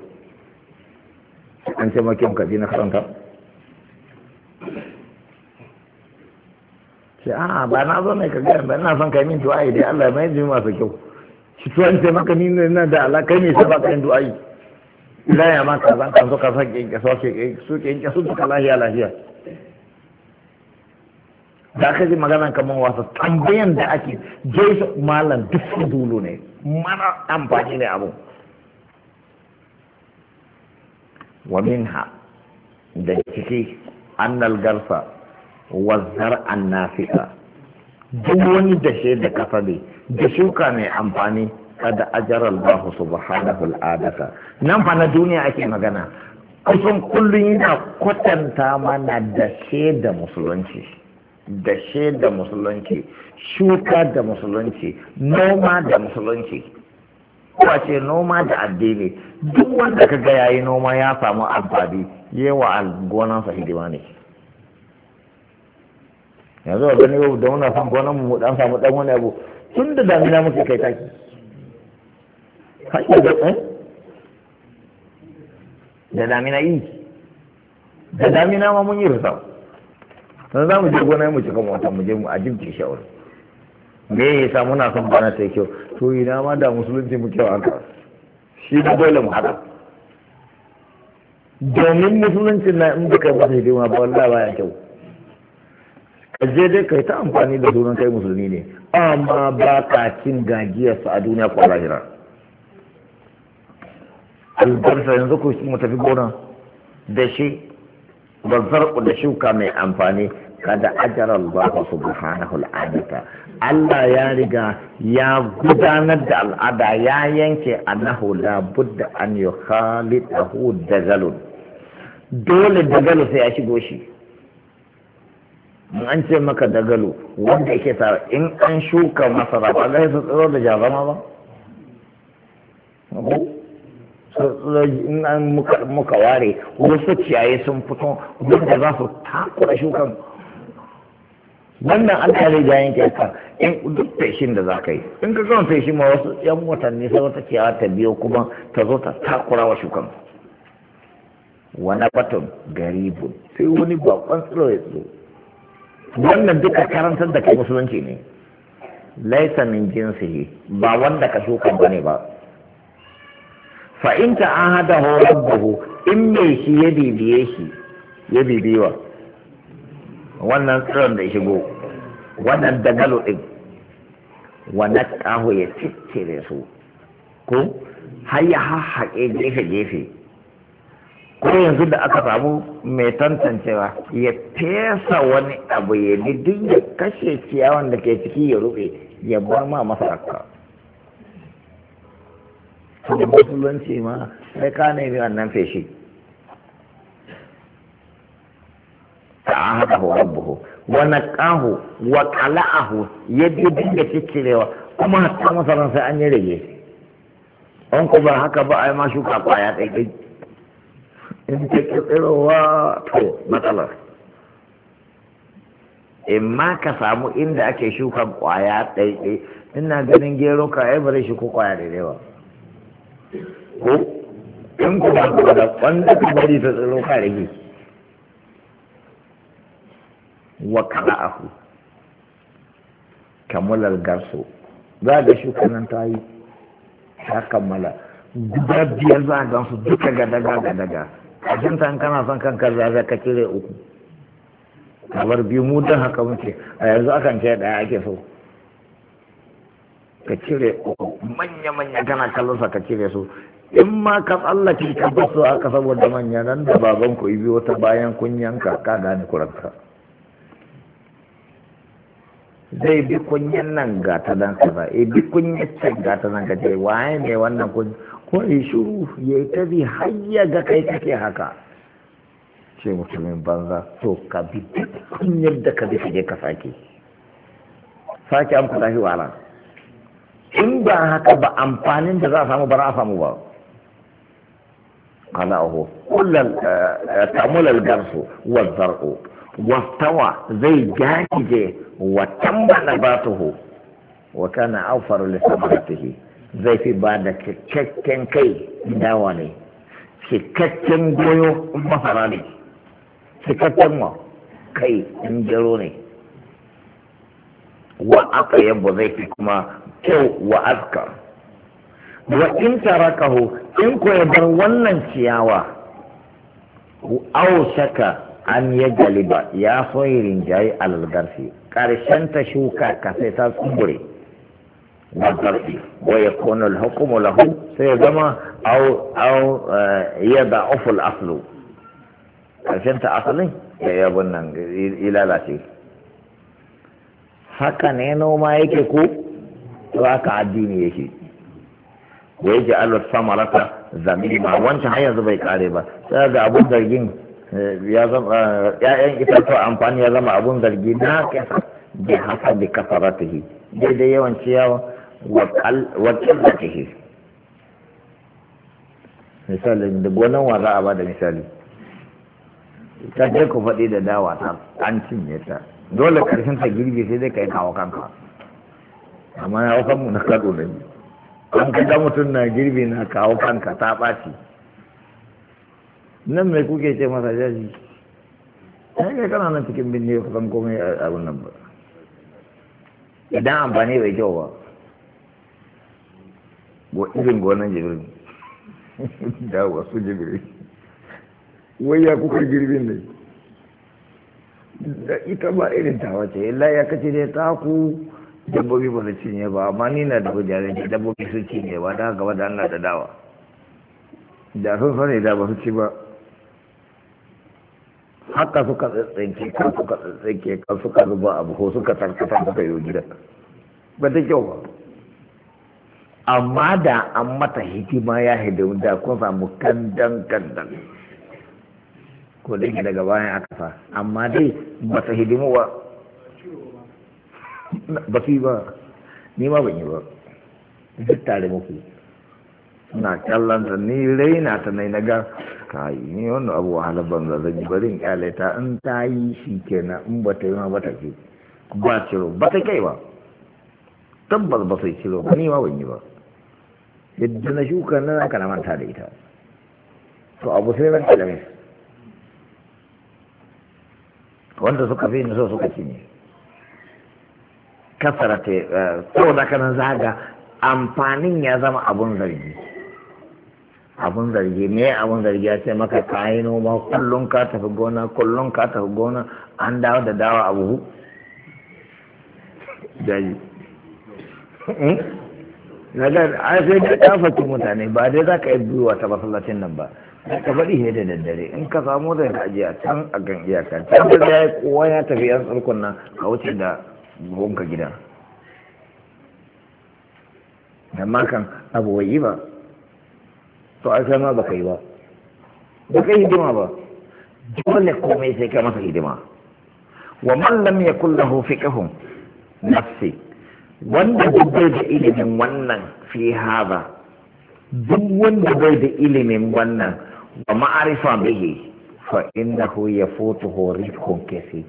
an ce makin kaji na karanta sai a ba na zo ne ka ga ba ina son kai min du'a'i dai Allah mai ji masu kyau shi to an ce maka ni ne na da Allah kai ne sai ba kai du'a'i la ya maka zan kan zo ka san ka soke su kin ka su ka lahiya lahiya da aka ji magana kamar wasa tambayan da ake su. malam duk dulo ne mara amfani ne abu wa minha da kike annal garsa wazar an nafi'a duk wani dashe da kasabe da shuka mai amfani kada ajar Allah subhanahu al'adaka nan fa na duniya ake magana kusan kullum yana kwatanta mana dashe da musulunci dashe da musulunci shuka da musulunci noma da musulunci ce noma da addini duk wanda ka ga yayi noma ya samu amfani yawa a gonansa hidima ne yanzu a gani yau da muna son gonan mu dan samu dan wani abu tun da damina muke kai taki hanyar da eh? da damina yi da damina ma mun yi rasa Sannan za mu je gonar mu cika mota mu je mu a jimce shawar me ya sa muna son bana ta kyau to ina ma da musulunci mu kyau haka shi da dole mu haka domin musulunci na in baka ba sai dai ma ba wallahi ya kyau je dai kai ta amfani da sunan kai musulmi ne amma ba ka cin su a duniya ko lahira albarsa yanzu ko mu tafi gona da shi bazar da shuka mai amfani kada ajara Allah subhanahu al'adata Allah ya riga ya gudanar da al'ada ya yanke annahu la budda an yukhalidahu dajalun dole dagalu sai ya shigo shi an ce maka dagalo wanda yake sa in an shuka masara ba ga su tsoro da jazama ba in an muka ware wasu ciyayi sun fito wanda za su takura shukan wannan an kare jayen kyauta in duk feshin da za ka yi in ka gama feshin ma wasu yan watanni sai wata ciyawa ta biyo kuma ta zo ta takura wa shukan wani batun garibun sai wani bakon tsiro ya tsoro wannan duka karantar da kai musulunci ne laisa min jinsihi ba wanda ka shuka bane ba fa in ta ahadahu rabbuhu in mai shi ya bibiye shi ya bibiwa wannan tsiron da ya shigo wannan dagalo din wa naqahu ya tittire su ko har ya haƙe gefe gefe ko yanzu da aka samu mai tantancewa ya fesa wani abu ya duk ya kashe ciyawan da ke ciki ya rufe ya bar ma su da musulunci ma sai ka nemi wannan feshi haka ta'ahadahu rabbuhu wa naqahu wa qala'ahu yadda dinga cikirewa kuma hatta masaran sai an yi rage an ko ba haka ba ai ma shuka kwaya dai in ta ƙirƙirowa to matsalar in ma ka samu inda ake shukan ƙwaya ɗaiɗai ina ganin gero ka ai bare shi ko ƙwaya da yawa ko in ku ba ku da wanda ku bari ta tsaro ka rage wa kala'ahu kamalar garso za ga shuka nan ta yi ta kammala guda biyar za a gansu duka gada gada A kajin ta kana son kanka za ka cire uku bar biyu mu don haka muke a yanzu akan ce daya ake so ka cire uku manya-manya kana kallon sa ka cire su in ma ka tsallake ka basu aka saboda manya nan da baban ku ibi wata bayan kun yanka ka gane kuranta zai bi kunyan nan ga ta dan kaza e eh, bi kunyan can ga ta nan kaje waye ne wannan kun ko in shuru ya yi ta bi hayya ga kai kake haka ce mutumin banza to ka bi kunyar da ka bi je ka sake sake an kuɗa shi wala in ba haka ba amfanin da za a samu ba za a samu ba kana aho kullal eh, eh, tamulal garsu wa zar'u wastawa zai gajije wa tambana batuhu wa kana awfaru li samaratihi zai fi ba da cikakken kai dawa ne cikakken goyo masara ne cikakken wa kai in gero ne wa aka yabba zai fi kuma kyau wa aska. wa in tarakahu in ko ya bar wannan ciyawa au shaka an ya galiba ya soyi rinjaye a garfi karshen ta shuka ka sai ta tsubure na garfi wa ya kone hukumu lahu sai ya zama au au eh, ya da oful aslu karshen ta asalin ya yabon nan ilalace haka ne noma yake ko to haka addini yake wa ya ji alal samarata zamima wancan har yanzu bai kare ba sai ga abun zargin ya zama ƴaƴan itatuwa amfani ya zama abun zargi na kasa bi haka bi kafaratihi daidai yawan ciyawa wa qillatihi misali da gonan wa za a bada misali ta je ku faɗi da dawa ta an cinye ta dole karshen ta girbi sai dai kai kawo kanka amma ya wasan mu na kado ne an kaga mutum na girbi na kawo kanka ta ɓaci nan mai kuke ce masa jaji sai kai kana nan cikin binne ka san komai abin nan ba idan amfani bai kyau ba go irin gonan jibirin da wasu jibirin wai ya kuka girbin ne da ita ba irin tawa ce illa ya kace ta ku dabbobi ba su cinye ba amma ni na da hujjarin ce dabbobi su cinye ba da gaba da Allah da dawa da sun sani da ba su ci ba haka suka tsintsinke ka suka tsintsinke ka suka zuba abu ko suka tarkata suka yi gidan ba ta kyau ba amma da an mata hikima ya hidimu da kun samu kandan kandan ko da daga bayan aka sa amma dai ba ta hidimu ba ba su yi ba ni ma ban yi ba duk tare muku na kallon ta ni raina ta nai na ga yi ni wannan abu wahalar halabban zan yi bari in kyale ta in ta yi shi kenan in ba ta yi ma ba ta ke ba ciro ba ta kai ba tabbas ba sai ciro ba ni ma ban yi ba yadda na shuka na zaka na manta da ita to abu sai ran alamis wanda suka fi ni so suka ci cinye kasarata eh, da kanan zaga amfanin ya zama abun zargi abun zargi ne abun zargi ya ce maka ka yi noma kullum ka tafi gona kullum ka tafi gona an dawo da dawa a buhu jaji hmm? nagar an sai da kafacin mutane ba dai za ka yi biyuwa ta masallacin nan ba ka bari he da daddare in ka samu da ka ajiya can a gan iyaka can da ya kowa ya tafi yan tsarkon nan ka wuce da buhunka gida da makan abu wai ba to a sai ma ba kai ba ba kai hidima ba dole komai sai ka masa hidima wa man lam yakul lahu fiqhun nafsi wanda duk bai da ilimin wannan fi hada duk wanda bai da ilimin wannan wa ma'arifa bihi fa innahu yafutuhu rizqun kaseer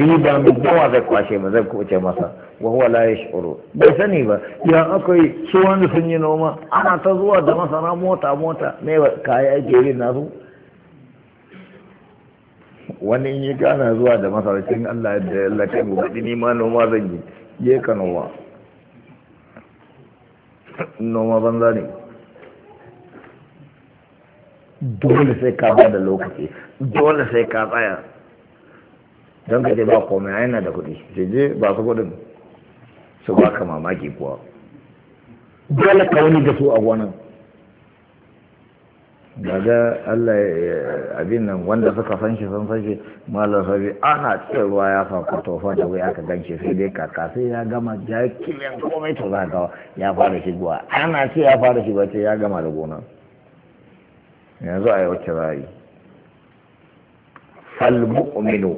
riba mai yawa zai kwashe ba zai kuce masa wa huwa la yash'uru bai sani ba ya akwai su wani sun yi noma ana ta zuwa da masana mota mota me kaya ake na su wani in yi gana zuwa da cikin Allah da Allah kai mu gadi ni ma noma zan yi je ka noma noma banza ne dole sai ka ba da lokaci dole sai ka tsaya don ka je ba komai yana da kuɗi jeje ba su kuɗin su ba ka mamaki kuwa dole ka wani da su a gonan daga Allah abin nan wanda suka san shi san san shi malar sabi ana cikin ruwa ya sauka tofa da wai aka ganshi sai dai kaka sai ya gama ya kiliyan komai to za gawa ya fara shi shigowa ana ce ya fara ba ce ya gama da gona yanzu a yi wacce ra'ayi fal mu'minu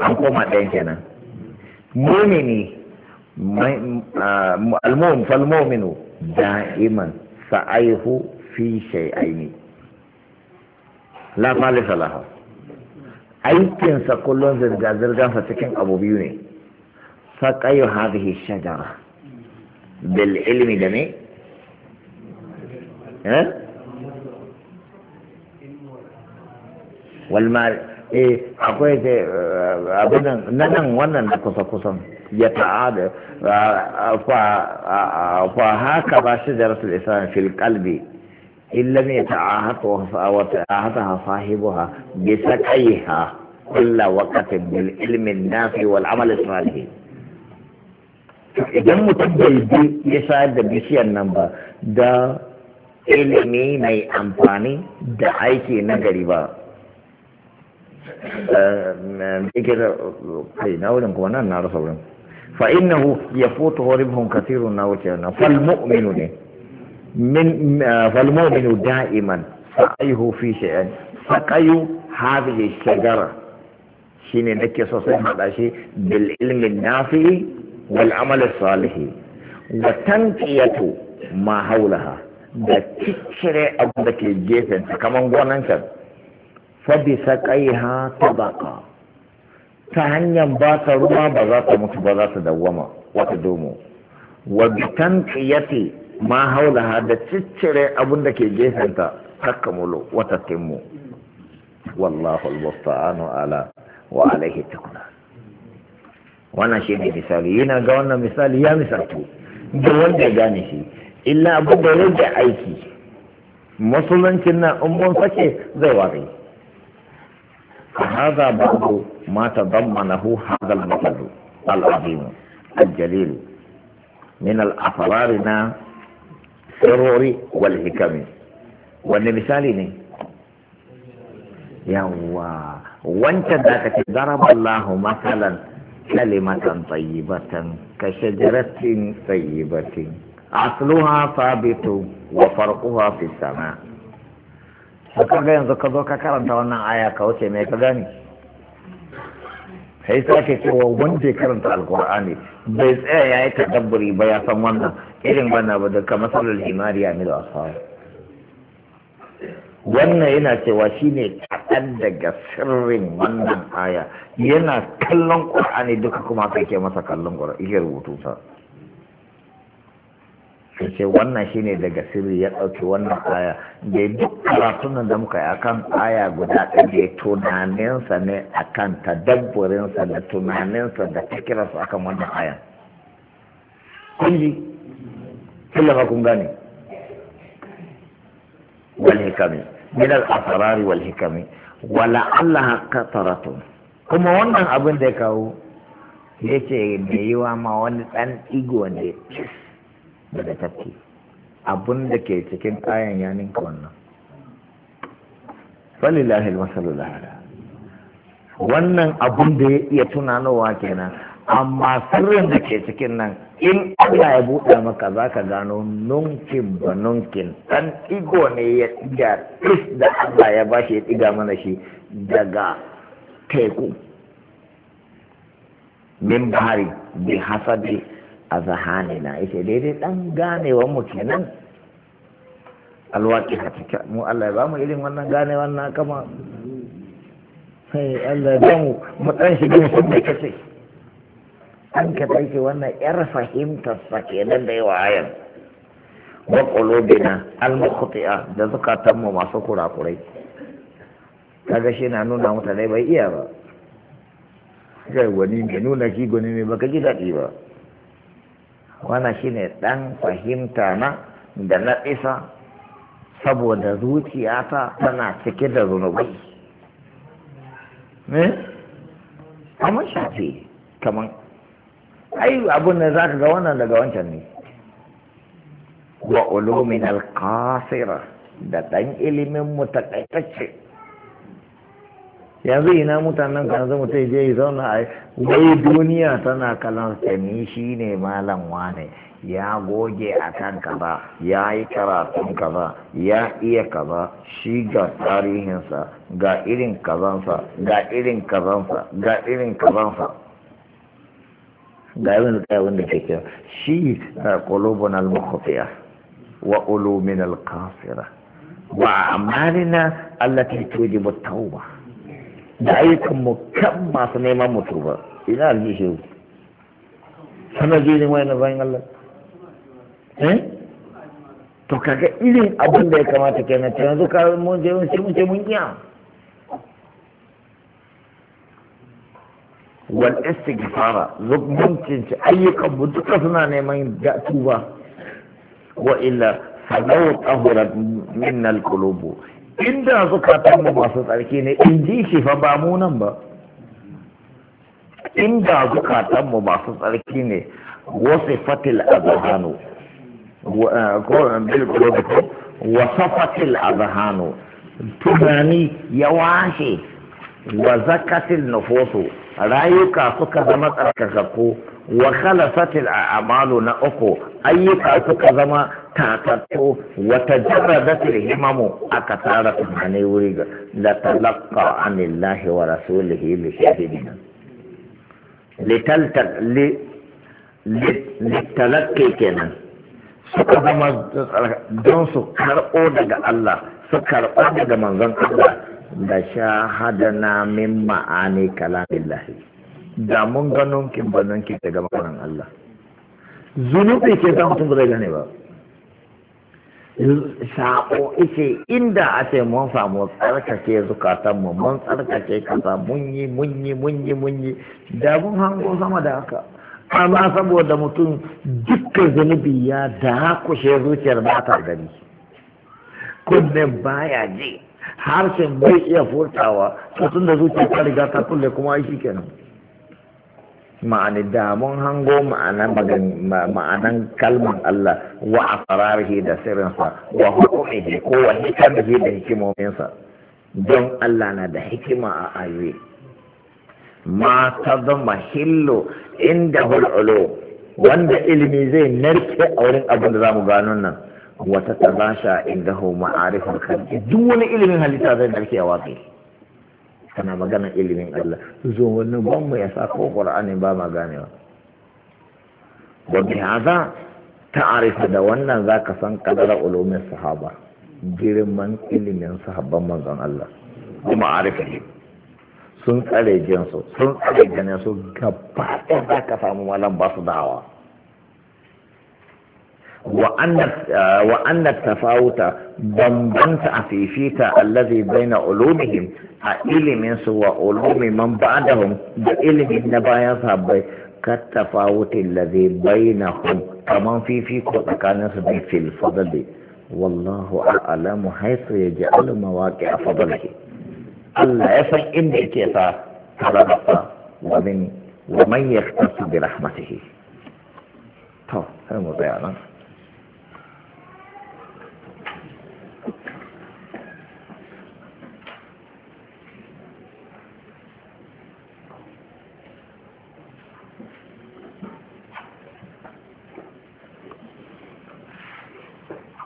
an koma ɗayan kenan mumini آه، المؤمن فالمؤمن دائما سعيه في شيئين لا مالف لها اي كنسا كل زرقا زرقا فتكين ابو بيوني فكأي هذه الشجرة بالعلم دمي ها والمال eh akwai ke eh, abinan na wannan da kusa kusan ya ta'ada fa haka ba shi da rasul islam fil qalbi illa ne ta'ahata wa ha bisa kai ha kulla wakatin bil ilmin nafi wal amal israhi idan mutum bai bi ya sayar da bishiyar nan ba da ilimi mai amfani da aiki na gari ba فإنه يفوت غريبهم كثير من فالمؤمن دائما سعيه في شيء سقيوا هذه الشجرة شين نكي صوصي هذا بالعلم النافع والعمل الصالح وتنقية ما حولها da cikire abu da ke gefen kamar fabi saƙaiha tabaka ta hanyar ba ta ruwa ba za ta mutu ba za ta dawama, wata domo wa bitan qiyati ma haulaha da ciccire abin da ke gefenta takamulu wata timmu wallahu almusta'anu ala wa alaihi takuna wannan shi ne misali yana ga wannan misali ya misaltu da wanda ya gane shi illa abin da rage aiki Musulunci na in mun sake zai ware فهذا بعض ما تضمنه هذا المثل العظيم الجليل من الأسرار سرور والحكم والمثال الله وانت ذاك ضرب الله مثلا كلمة طيبة كشجرة طيبة أصلها ثابت وفرقها في السماء Ka kaga yanzu ka zo ka karanta wannan aya ka wuce mai ka gani sai sake cewa wanda ya karanta alkur'ani bai tsaya ya yi tadabburi ba ya san wannan irin bana ba da kamar salar himari da mil wannan yana cewa shi ne kaɗan daga sirrin wannan aya yana kallon ƙur'ani duka kuma aka ke masa kallon ƙur'ani iya rubutu sa sai ce wannan shine daga sirri ya ɗauki wannan aya da duk karatun da muka yi akan aya guda ɗaya tunaninsa ne akan tadabburinsa da tunaninsa da fikirarsa akan wannan aya Kulli, ji ba kun gane wal hikami min al asrari wal hikami wala allaha qataratun kuma wannan abin da ya kawo yace mai yiwa ma wani dan igo ne daga tafki abun da ke cikin ayan ya ninka wannan falilahi masalul ala wannan abun da ya iya tunanowa kenan amma sirrin da ke cikin nan in Allah ya buɗe maka za ka gano nunkin ba nunkin ɗan ɗigo ne ya ɗiga ɗis da Allah ya bashi ya ɗiga mana shi daga teku min bahari bi hasadi a na yace daidai dan ganewar mu kenan ta cika mu Allah ya ba mu irin wannan ganewar na kama sai Allah ya mu mu dan shigin sun da kace an ka take wannan yar fahimtar sa kenan da yawa ayan wa qulubina al-mukhti'a da zakatan mu masu kurakurai kaga shi na nuna mutane bai iya ba kai wani mai nuna shi gwani ne baka ji daɗi ba wannan shine dan fahimta na da na isa saboda zuciyata tana cike da zunubai ne amma shafi kamar ai abun da zaka ga wannan daga wancan ne wa ulumin alkasira da dan ilimin mu takaitacce yanzu ina mutanen ka zama mutum je ya zauna a wai duniya tana kalan sami shi ne malam wane ya goge a kan kaza ya yi karatun kaza ya iya kaza shi ga tarihinsa ga irin kazansa ga irin kazansa ga irin kazansa ga irin kai wanda ke kira shi qulubun al-mukhfiya wa ulumin al-qasira wa amalina allati tujibu at ba. da ayyukan mu kan masu neman mutu ba ina aljihu sanar je ne wayan bayan Allah eh to kaga irin abin da ya kamata kenan ta yanzu ka mun je mun ce mun ce mun iya wal istighfara zubbuncin ci ayyukan mu duka suna neman da tuba wa illa falau tahurat minnal qulubu inda zukatan mu masu tsarki ne in ji shi fa ba mu nan ba inda zukatan mu masu tsarki ne wasu fatil azhanu eh, wasafatil azhanu tunani ya washe wa zakatil nufusu rayuka suka zama tsarkakakku wa khalasatil a'malu na uku ayyuka suka zama tatattu wa tajarradatil himamu aka tara tunani wuri ga la talaqqa anillahi wa rasulihi li shahidina litalakke kenan suka zama don su karɓo daga Allah su karɓo daga manzon Allah da hadana min ma'ani kalamillahi da mun ganon kin ki daga makonan Allah zunubi ke sa mutum zai gane ba sako ice inda a ce mun samu tsarkake zukatanmu mu mun tsarkake kaza mun yi mun yi mun yi mun yi da mun hango sama da haka amma saboda mutum dukkan zunubi ya da kushe zuciyar ba ta gani kunnen baya ji harshen bai iya furtawa tun da zuciya ta riga ta kulle kuma aiki kenan ma'ani damun hango ma'anan kalman Allah wa asrarihi da sirrinsa wa hukumihi ko wa hikamihi da hikimominsa don Allah na da hikima a ayoyi ma ta zama hillo inda hul'ulo wanda ilimi zai narke a wurin abin da za mu gano nan wata tabasha hau ma'arifin kanti duk wani ilimin halitta zai narke a waƙi kana magana ilimin Allah zo wani gwamma ya sa ko Qur'ani ba ma ganewa wa bi hadha ta'arifa da wannan zaka san kadara ulumin sahaba girman ilimin sahabban manzon Allah kuma arifi sun tsare jinsu sun tsare ganin su gaba ɗaya za ka samu malam ba su dawa وأن التفاوت بمبنت أفيفيت الذي بين علومهم سوى علوم من بعدهم من النبايا صحابي كالتفاوت الذي بينهم كمان في فيكم كان في الفضل والله أعلم حيث يجعل مواقع فضله الله إني كيسا ترغفا ومن ومن يختص برحمته طب هذا مضيعنا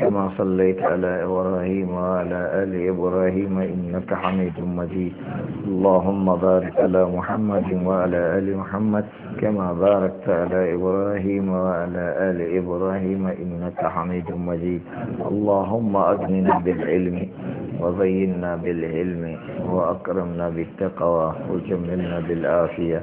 كما صليت على إبراهيم وعلى آل إبراهيم إنك حميد مجيد اللهم بارك على محمد وعلى آل محمد كما باركت على إبراهيم وعلى آل إبراهيم إنك حميد مجيد اللهم أجننا بالعلم وزينا بالعلم وأكرمنا بالتقوى وجملنا بالعافية